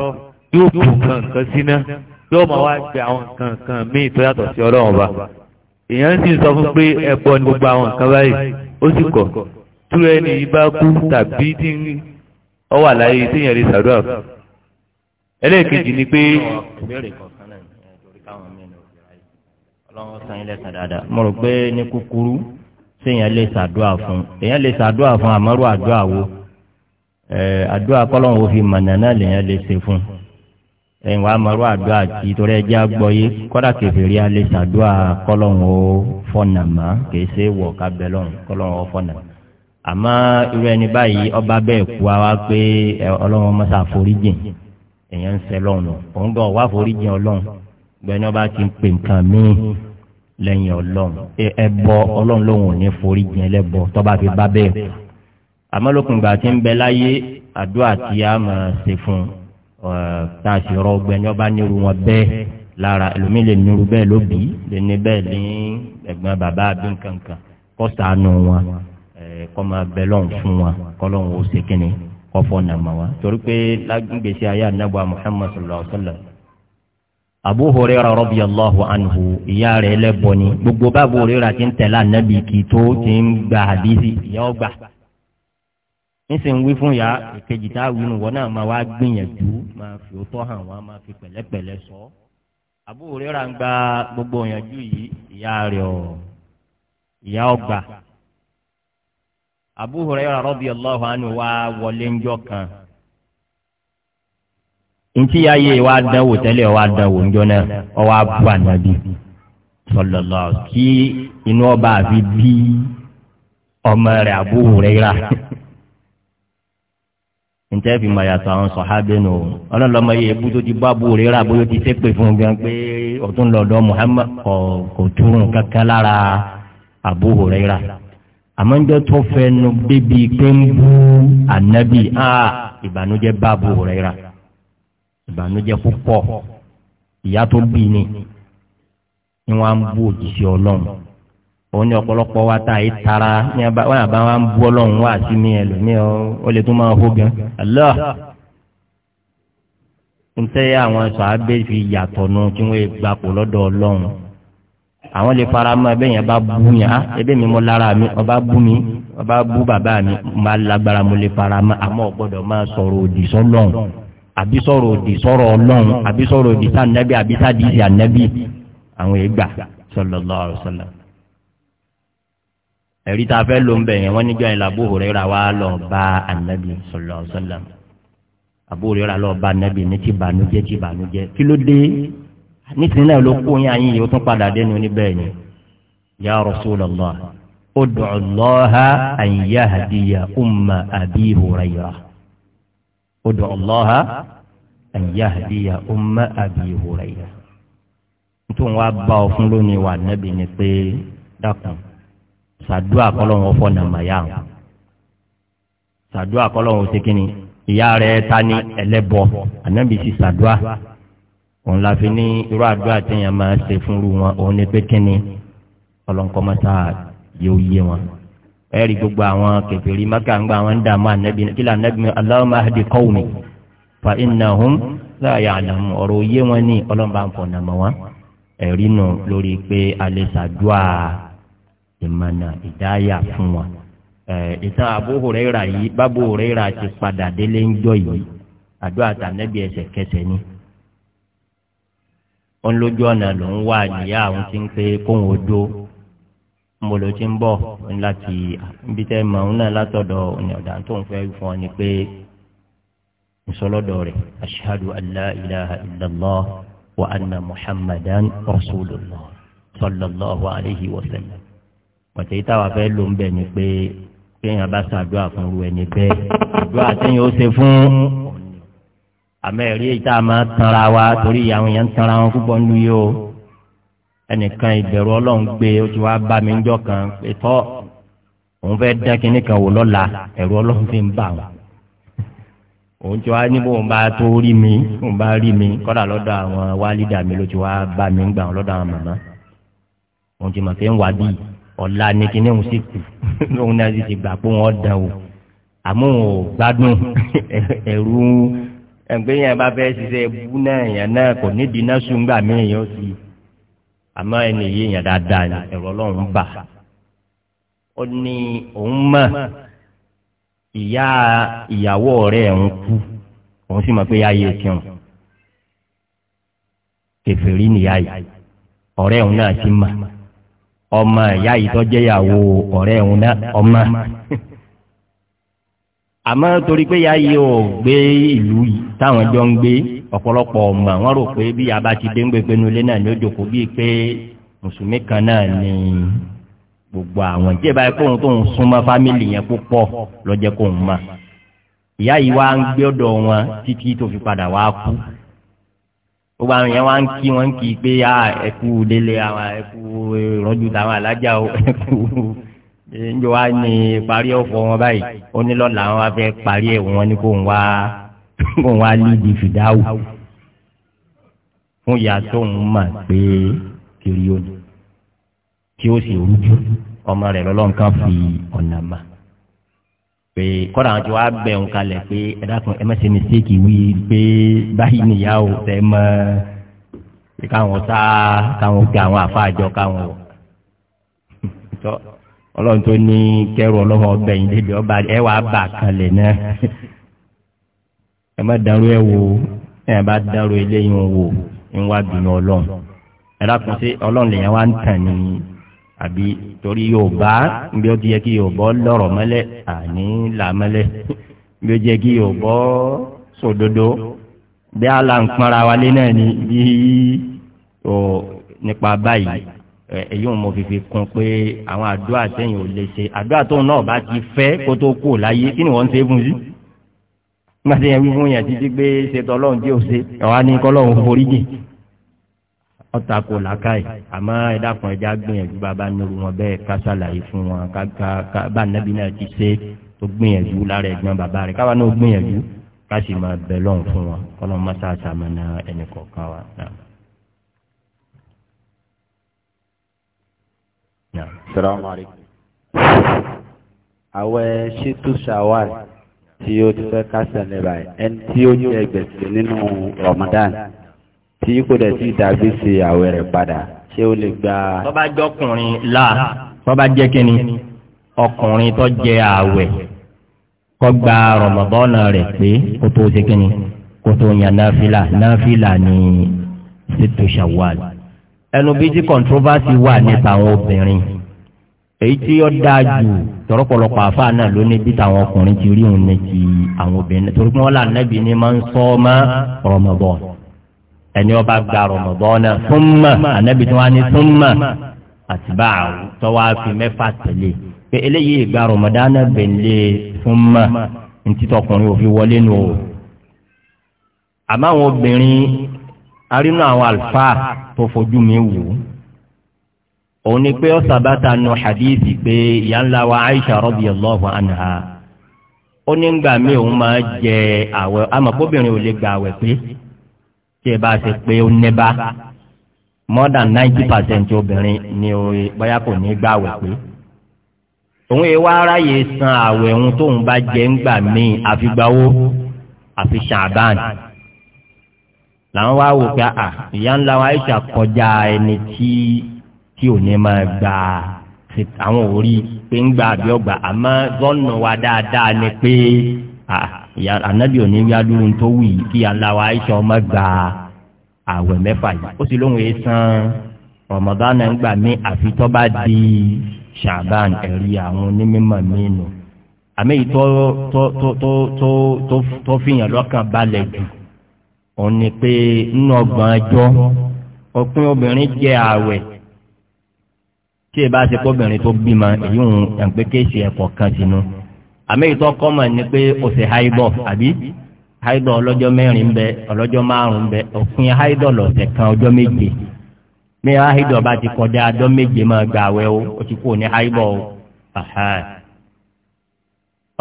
yóò bù nǹkan kan síná yóò máa wá gbé àwọn nǹkan kan míì tó yàtọ̀ sí ọlọ́run ọba èèyàn sì sọ fún pé ẹbọ ni gbogbo àwọn nǹkan báyìí ó sì kọ̀ túrọ ẹni yìí kú tàbí tí ó wà láyé téèyàn lè ṣàdúrà fún ẹlẹ́ẹ̀kejì ni pé ọlọ́run san ilẹ̀ sàn dáadáa mo rò pé ní kúkúrú séèyàn lè ṣàdúrà fún èèyàn lè ṣàdúrà fún àmọ́rú àdúrà wo àdúrà kọ́lọ́run ò fi mọ̀nà náà lèèyàn lè ṣe fún ẹ̀yìn wa àmọ́rú àdúrà tí torí ẹja gbọ́yé kọ́dà kẹfìrí alẹ́ ṣàdúrà kọ́lọ́run ò fọ̀nà mọ́ kìí ṣe wọ̀ kábẹ́ lọ́run kọ́lọ́run ò fọ̀nà àmọ́ irú ẹni báyìí ọba bẹ́ẹ̀ kú wa wá pé ọlọ́run mọ́sà foríjìn èèyàn ń ṣe lọ́run òun gbọ́ lẹ́yìn ọlọ́run ẹbọ ọlọ́run lòun ò ní forí jìn ẹlẹ́bọ tọ́ba fi bá bẹ́ẹ̀ àmọ́ lókun ìgbà tí ń bẹ láyé àdúrà tí a máa ṣe fún tá a sì rọ ọgbẹ́ni ọba nírú wọn bẹ́ẹ̀ lára ẹlòmíì lè nírú bẹ́ẹ̀ lóbi lè ní bẹ́ẹ̀ ní ẹ̀gbọ́n bàbá àbí nkankan kọ́ sànù wọn kọ́ máa bẹ lọ́hùn fún wọn kọ́ lọ́hùn ó ṣe kínní kọ́ fọ́ nàmọ́ wọn torí pé lágbègbè sí ayé anábọ̀ Muhammad sallallahu alaihi wa Abu Hurairah radiyallahu anhu ìyá rẹ̀ ẹlẹ́bọ ni gbogbo bá Abu Hurairah ti ń tẹ̀lé ànábì kì í tó ti ń gba àdísì ìyá ọgbà nísìnyí wí fún ya ìkejì tá a wí nù wọ́n náà máa wá gbìyànjú máa fi òótọ́ hàn wọ́n máa fi pẹ̀lẹ́pẹ̀lẹ́ sọ Abu Hurairah ń gba gbogbo ìyànjú yìí ìyá rẹ̀ ọ̀ ìyá ọgbà Abu Hurairah radiyallahu anhu wá wọlé ńjọ́ kan ntí ya yé wa dánwò tẹ́lẹ̀ wa dánwò ńjọ náà ọwọ́ abu anabi sọlọlọ kí inú ọba àfi bí ọmọ rẹ̀ abu rira ntẹ́ fi mọ yàtọ̀ àwọn sọ̀hábẹ́ nù ọlọ́lọ́mọ yẹ ebú tó ti bá abu rira bóyá ti sẹ́pẹ̀ fún gan pé ọ̀tún lọ́dọ̀ muhammed kọ̀ kò túrùn kankan lára abu rira àmọ́njọ́ tó fẹ́ nu pé ń bú anabi ah ìbànújẹ́ bá abu rira ìbànújẹ́ púpọ̀ ìyá tó bí ni ni wọ́n á ń bú òjìṣẹ́ ọlọ́run òun ni ọ̀pọ̀lọpọ̀ wa ta yìí tara ní wọn àbá wa ń bú ọlọ́run wá sí mi ẹlòmíì ó lè tún máa hó gan Allah ntẹ́ àwọn sàábẹ́ fi yàtọ̀ nù tí wọ́n gba kò lọ́dọ̀ ọlọ́run àwọn lè fara mọ́ ẹbẹ́ yẹn bá bú yẹn á ẹbẹ́ mi mọ́ lára mi ọba bú mi ọba bú bàbá mi máa lágbára mo lè fara mọ́ àmọ́ ọ̀gbọ́dọ̀ máa sọ̀rọ̀ òdì sọ́lọ́run àbí sọ̀rọ̀ òdì sọ̀rọ̀ ọlọ́run àbí sọ̀rọ̀ òdì sí ànábì àbí sádìsì ànábì àwọn ìgbà sallallahu alaihi wasallam. ẹ̀rí tá a fẹ́ ló ń bẹ̀ yẹn wọ́n níjọ́ yẹn làbó òrera wa lọ bá ànábì sallallahu alaihi wasallam. àbó òrera lọ bá ànábì ní ti bànújẹ́ ti bànújẹ́ kí ló dé nísìnyí náà ló kó yín ayé yìí ó tún padà dénú níbẹ̀ yẹn ud'u الله an يهدي umma Abi Hurayra tó ń wá bá ọ fún lónìí wà nẹ́bi ni pé dákun sàdúà kọ́lọ́hún fọ́ nàmàyà hàn sàdúà kọ́lọ́hún ṣe kínní ìyá rẹ̀ ta ní ẹlẹ́bọ ànábì sí sàdúà òun la fi ní irú àdúrà téèyàn máa ṣe fún wọn òun ni pé kínní ọlọ́nkọ́mọ́sá yóò yé wọn ẹ̀rí gbogbo àwọn kẹfìrí maka ń gba àwọn ń dààmú anabi kílà anabi Allahumma hadi qawmi fa innahum la ya'lamu ọ̀rọ̀ yé wọn ní ọlọ́mọba ń fọ̀nà mọ́ wọn ẹ̀rí nù lórí pé alẹ́ sàdúà ìmọ̀nà ìdáyà fún wọn. ìtàn Abu Huraira yìí bábò Huraira ti padà délé ń jọ yìí àdúrà tànẹ́bí ẹsẹ̀ kẹsẹ̀ ni ó ń lójú ọ̀nà ló ń wá ìyá àwọn ti ń pé kóhun ó dó mbolo ti ń bọ̀ láti ibi tẹ́ mọ̀ ọ́n náà látọ̀dọ̀ ọ̀nà ọ̀dà tó ń fẹ́ fún ọ ni pé nsọlọ́dọ̀ rẹ̀ ashadu an la ilaha illallah wa anna muhammadan rasulullah sallallahu alayhi wa sallam. pàtẹ́ ìtawà fẹ́ ló ń bẹ̀ ni pé kéèyàn bá ṣàdúrà e fún irú ẹni bẹ́ẹ̀ àdúrà téèyàn ó ṣe fún àmẹ́rí ìta máa tanra wa torí àwọn èèyàn ń tanra wọn púpọ̀ nínú yìí o ẹnìkan ìbẹ̀rù ọlọ́run gbé ó ti wá bá mi ńjọ́ kan ètò òun fẹ́ dán kinní kan wò lọ́la ẹ̀rù ọlọ́run fi ń bà wọ́n òun ti wá ní bó ń bá tó rí mi bó ń bá rí mi kọ́dà lọ́dọ̀ àwọn wálídà mi ló ti wá bá mi ń gbà wọ́n lọ́dọ̀ àwọn màmá òun ti mọ̀ pé ń wá bí ọ̀la ní kinní òun sì kù (laughs) lóun náà sì ti gbà pé wọ́n dán o àmọ́ òun ò gbádùn (laughs) ẹ̀rù ẹ̀gbẹ́yìn ẹ̀ bá fẹ́ ṣiṣẹ́ bú náà yẹn náà kò nídìí àmọ́ ẹni yìí yàn dáadáa ni ẹ̀rọ ọlọ́run bà ó ní òun mọ̀ ìyá ìyàwó ọ̀rẹ́ ẹ̀ ń kú òun sì mọ̀ pé yá yé kírun kẹfẹ́rí nìyá yìí ọ̀rẹ́ òun náà ti mọ̀ ọmọ ìyá yìí tó jẹ́ ìyàwó ọ̀rẹ́ òun náà ọmọ àmọ́ torí pé yá yìí ò gbé ìlú táwọn jọ ń gbé ọ̀pọ̀lọpọ̀ ọmọ àwọn rò pé bí a bá ti dé ń gbé nulẹ̀ náà ni ó jòkó bíi pé mùsùlùmí kan náà ni gbogbo àwọn tí ì báyìí kóhun tóun súnmọ́ fámìlì yẹn púpọ̀ lọ́jẹ́ kóhun mọ́ ìyá yìí wá ń gbé ọ̀dọ̀ wọn títí tó fi padà wá kú gbogbo àwọn yẹn wá ń kí wọn kí pé a ẹkú délé àwọn ẹkú ìrọ́jú táwọn alájà ẹkú ẹnjọ wa ní parí ọ̀fọ̀ wọn báyìí ó ní lọ́la wọn wá fẹ́ parí ẹ̀ wọn ní kóhun wá. Wa wọn wá lídìí fìdáwù fún ìyá tóun mà pé kiri ó ní tí o sì rújú ọmọ rẹ̀ lọ́lọ́nkan fi ọ̀nà mà pé kọ́ra àwọn tí wàá bẹ̀ ń kalẹ̀ pé ẹ dákun ẹ má ṣe mistake wí pé báyìí nìyá o tẹ mọ́ ẹ káwọn sá káwọn gbé àwọn àfáàjọ káwọn o tọ́ ọlọ́run tó ní kẹrù ọlọ́run ọbẹ̀ yìí débi ọba ẹ wàá bà kalẹ̀ náà ẹ má dárò ẹ wò ẹ bá dárò eléyìí wò ń wá bínú ọlọ́run ẹ dákun sí ọlọ́run lèyàn wá ń tàn ní àbí torí yorùbá bí ó ti yẹ kí yorùbá lọ̀rọ̀ mọ́lẹ̀ àní là mọ́lẹ̀ bí ó jẹ́ kí yorùbá sòdodo bí àlà wálé náà ni bí ó nípa báyìí èyí ò mọ fífi kún pé àwọn àdúrà sẹ́yìn ò lè ṣe àdúrà tóun náà bá ti fẹ́ kó láyé kí ni wọ́n ń ṣe fún yìí mọ̀tẹ́ yẹn fún yẹn títí pé ṣètò ọlọ́run tí ò ṣe ọ̀hán ní kọ́lọ́run foríjì ọ̀tà kò làákàyè àmọ́ ẹ̀dá kan ẹ̀dá gbìyànjú bàbá nírú wọn bẹ́ẹ̀ ká ṣàlàyé fún wọn ká bá nàbí náà ti ṣe tó gbìyànjú lára ẹ̀gbọ́n bàbá rẹ̀ káwa náà gbìyànjú ká sì máa bẹ̀ lọ́run fún wọn kọ́lọ́run má ṣàṣàmọ́nà ẹnì kọ̀ọ̀kan wa náà. Àwẹ̀ ṣètò ṣàwárì tí ó ti fẹ́ kásẹ̀ lẹ́ba ẹ̀ ẹni tí ó jẹ́ gbèsè nínú Ramadan tí kò dẹ̀ sí dàbí sí àwẹ̀ rẹ̀ padà ṣé ó lè gba. tó jẹ́ ọkùnrin la tó bá jẹ́ kínní ọkùnrin tó jẹ́ àwẹ̀ kó gba Ramadan rẹ̀ pé kó tó ṣe kínní kó tó yan náfìlà náfìlà ní sítò Ṣawwal ẹnu bíi tí controversy wà nípa àwọn obìnrin èyí tí ó dáa jù tọrọpọlọpọ àfa náà ló ní bí táwọn ọkùnrin ti rí òun ní ti àwọn obìnrin torí pé wọn là nẹbi ní máa ń sọ ọmọ Ramadan ẹni ọba gba Ramadan náà thumma ànẹbi tí wọn á ní thumma àtibá tọwọ àfi mẹ́fà tẹ̀lé pé eléyìí ìgbà Ramadan náà bẹ̀lẹ̀ thumma ntí tọkùnrin òfin wọlé nù o àmọ́ àwọn obìnrin arínú àwọn àlùfáà tó fojú mi wù ú òun ni pé ó sàbátà nu hadithi pé ìyá ńlá wa aisha radiyallahu anha ó ní gbà mí òun máa jẹ àwẹ̀ amọ̀kóbìnrin ò lè gba àwẹ̀ pé tí ẹ bá ṣe pé ó nẹ́bá more than ninety percent obìnrin ni òye bóyá kò ní gbà àwẹ̀ pé òun yìí wá ráyè san àwẹ̀ òun tóun bá jẹ ńgbà míì àfigbáwó àfi ṣàbán làwọn wá wò pé ìyá ńlá wa aisha kọjá ẹni tí tí ò ní máa gba àwọn òrí pé ń gba àbí ọgbà àmọ́ zọ́nù wa dáadáa ni pé ànábì ò ní yálùú tó wù yìí kí aláwa aisha ọmọ gba àwẹ̀ mẹ́fà yìí ó sì lóhùn ẹ̀sán rọmọdánà ń gbà mí àfi tó bá di shaban ẹ̀rí àwọn onímọ̀ mi nù àmì tó tó tó tó tó tó tó fìyàn lọ́kàn balẹ̀ jù òun ni pé nínú ọgbọ̀n ẹjọ́ ọpin obìnrin jẹ ààwẹ̀ tí ẹ bá ṣe kóbìnrin tó bímọ èyí ń yàgbé kéèsì kan sínú àmì ìtọ́ ni pé o ṣe haidọ̀ àbí haidọ̀ ọlọ́jọ́ mẹ́rin bẹ márùn bẹ òfin haịdọ lọ́sẹ̀ kan ọjọ méje mi bá ti kọjá méje máa gbà o o ti kú ní o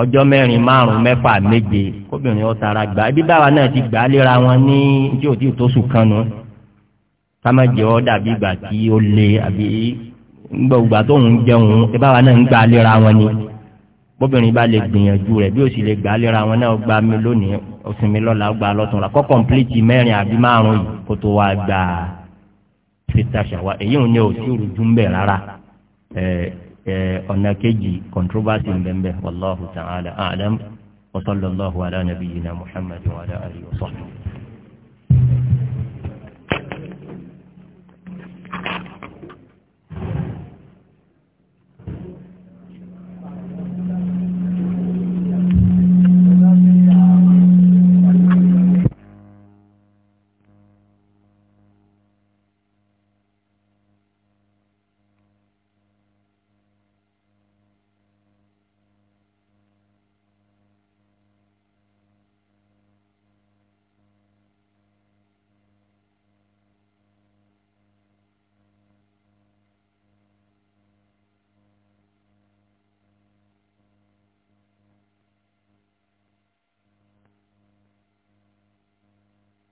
Ọjọ márùn méje kóbìnrin tara gbà ibi báwa náà ti gbà á léra wọn ní tí tó sùn kan ká má dàbí gbọ̀gbà tó ń jẹun ìbáwa náà ń gbà lera wọn ni bóbìnrin bá lè gbìyànjú rẹ̀ bí ó sì lè gbà lera wọn náà gba mi lónìí oṣù mi lọ́la gba lọ́tún la kọ́ kọ́ńpìlìtì mẹ́rin àbí márùn-ún yìí kó tó wá gba sita ṣàwá èyí ò ní o sí rújú ń bẹ̀ rárá ọ̀nà kejì controversy ń bẹ̀ ń bẹ̀ wàlláhu ta'ala a'lam wa sallallahu ala nabiyyina muhammadin wa ala alihi wa sahbihi.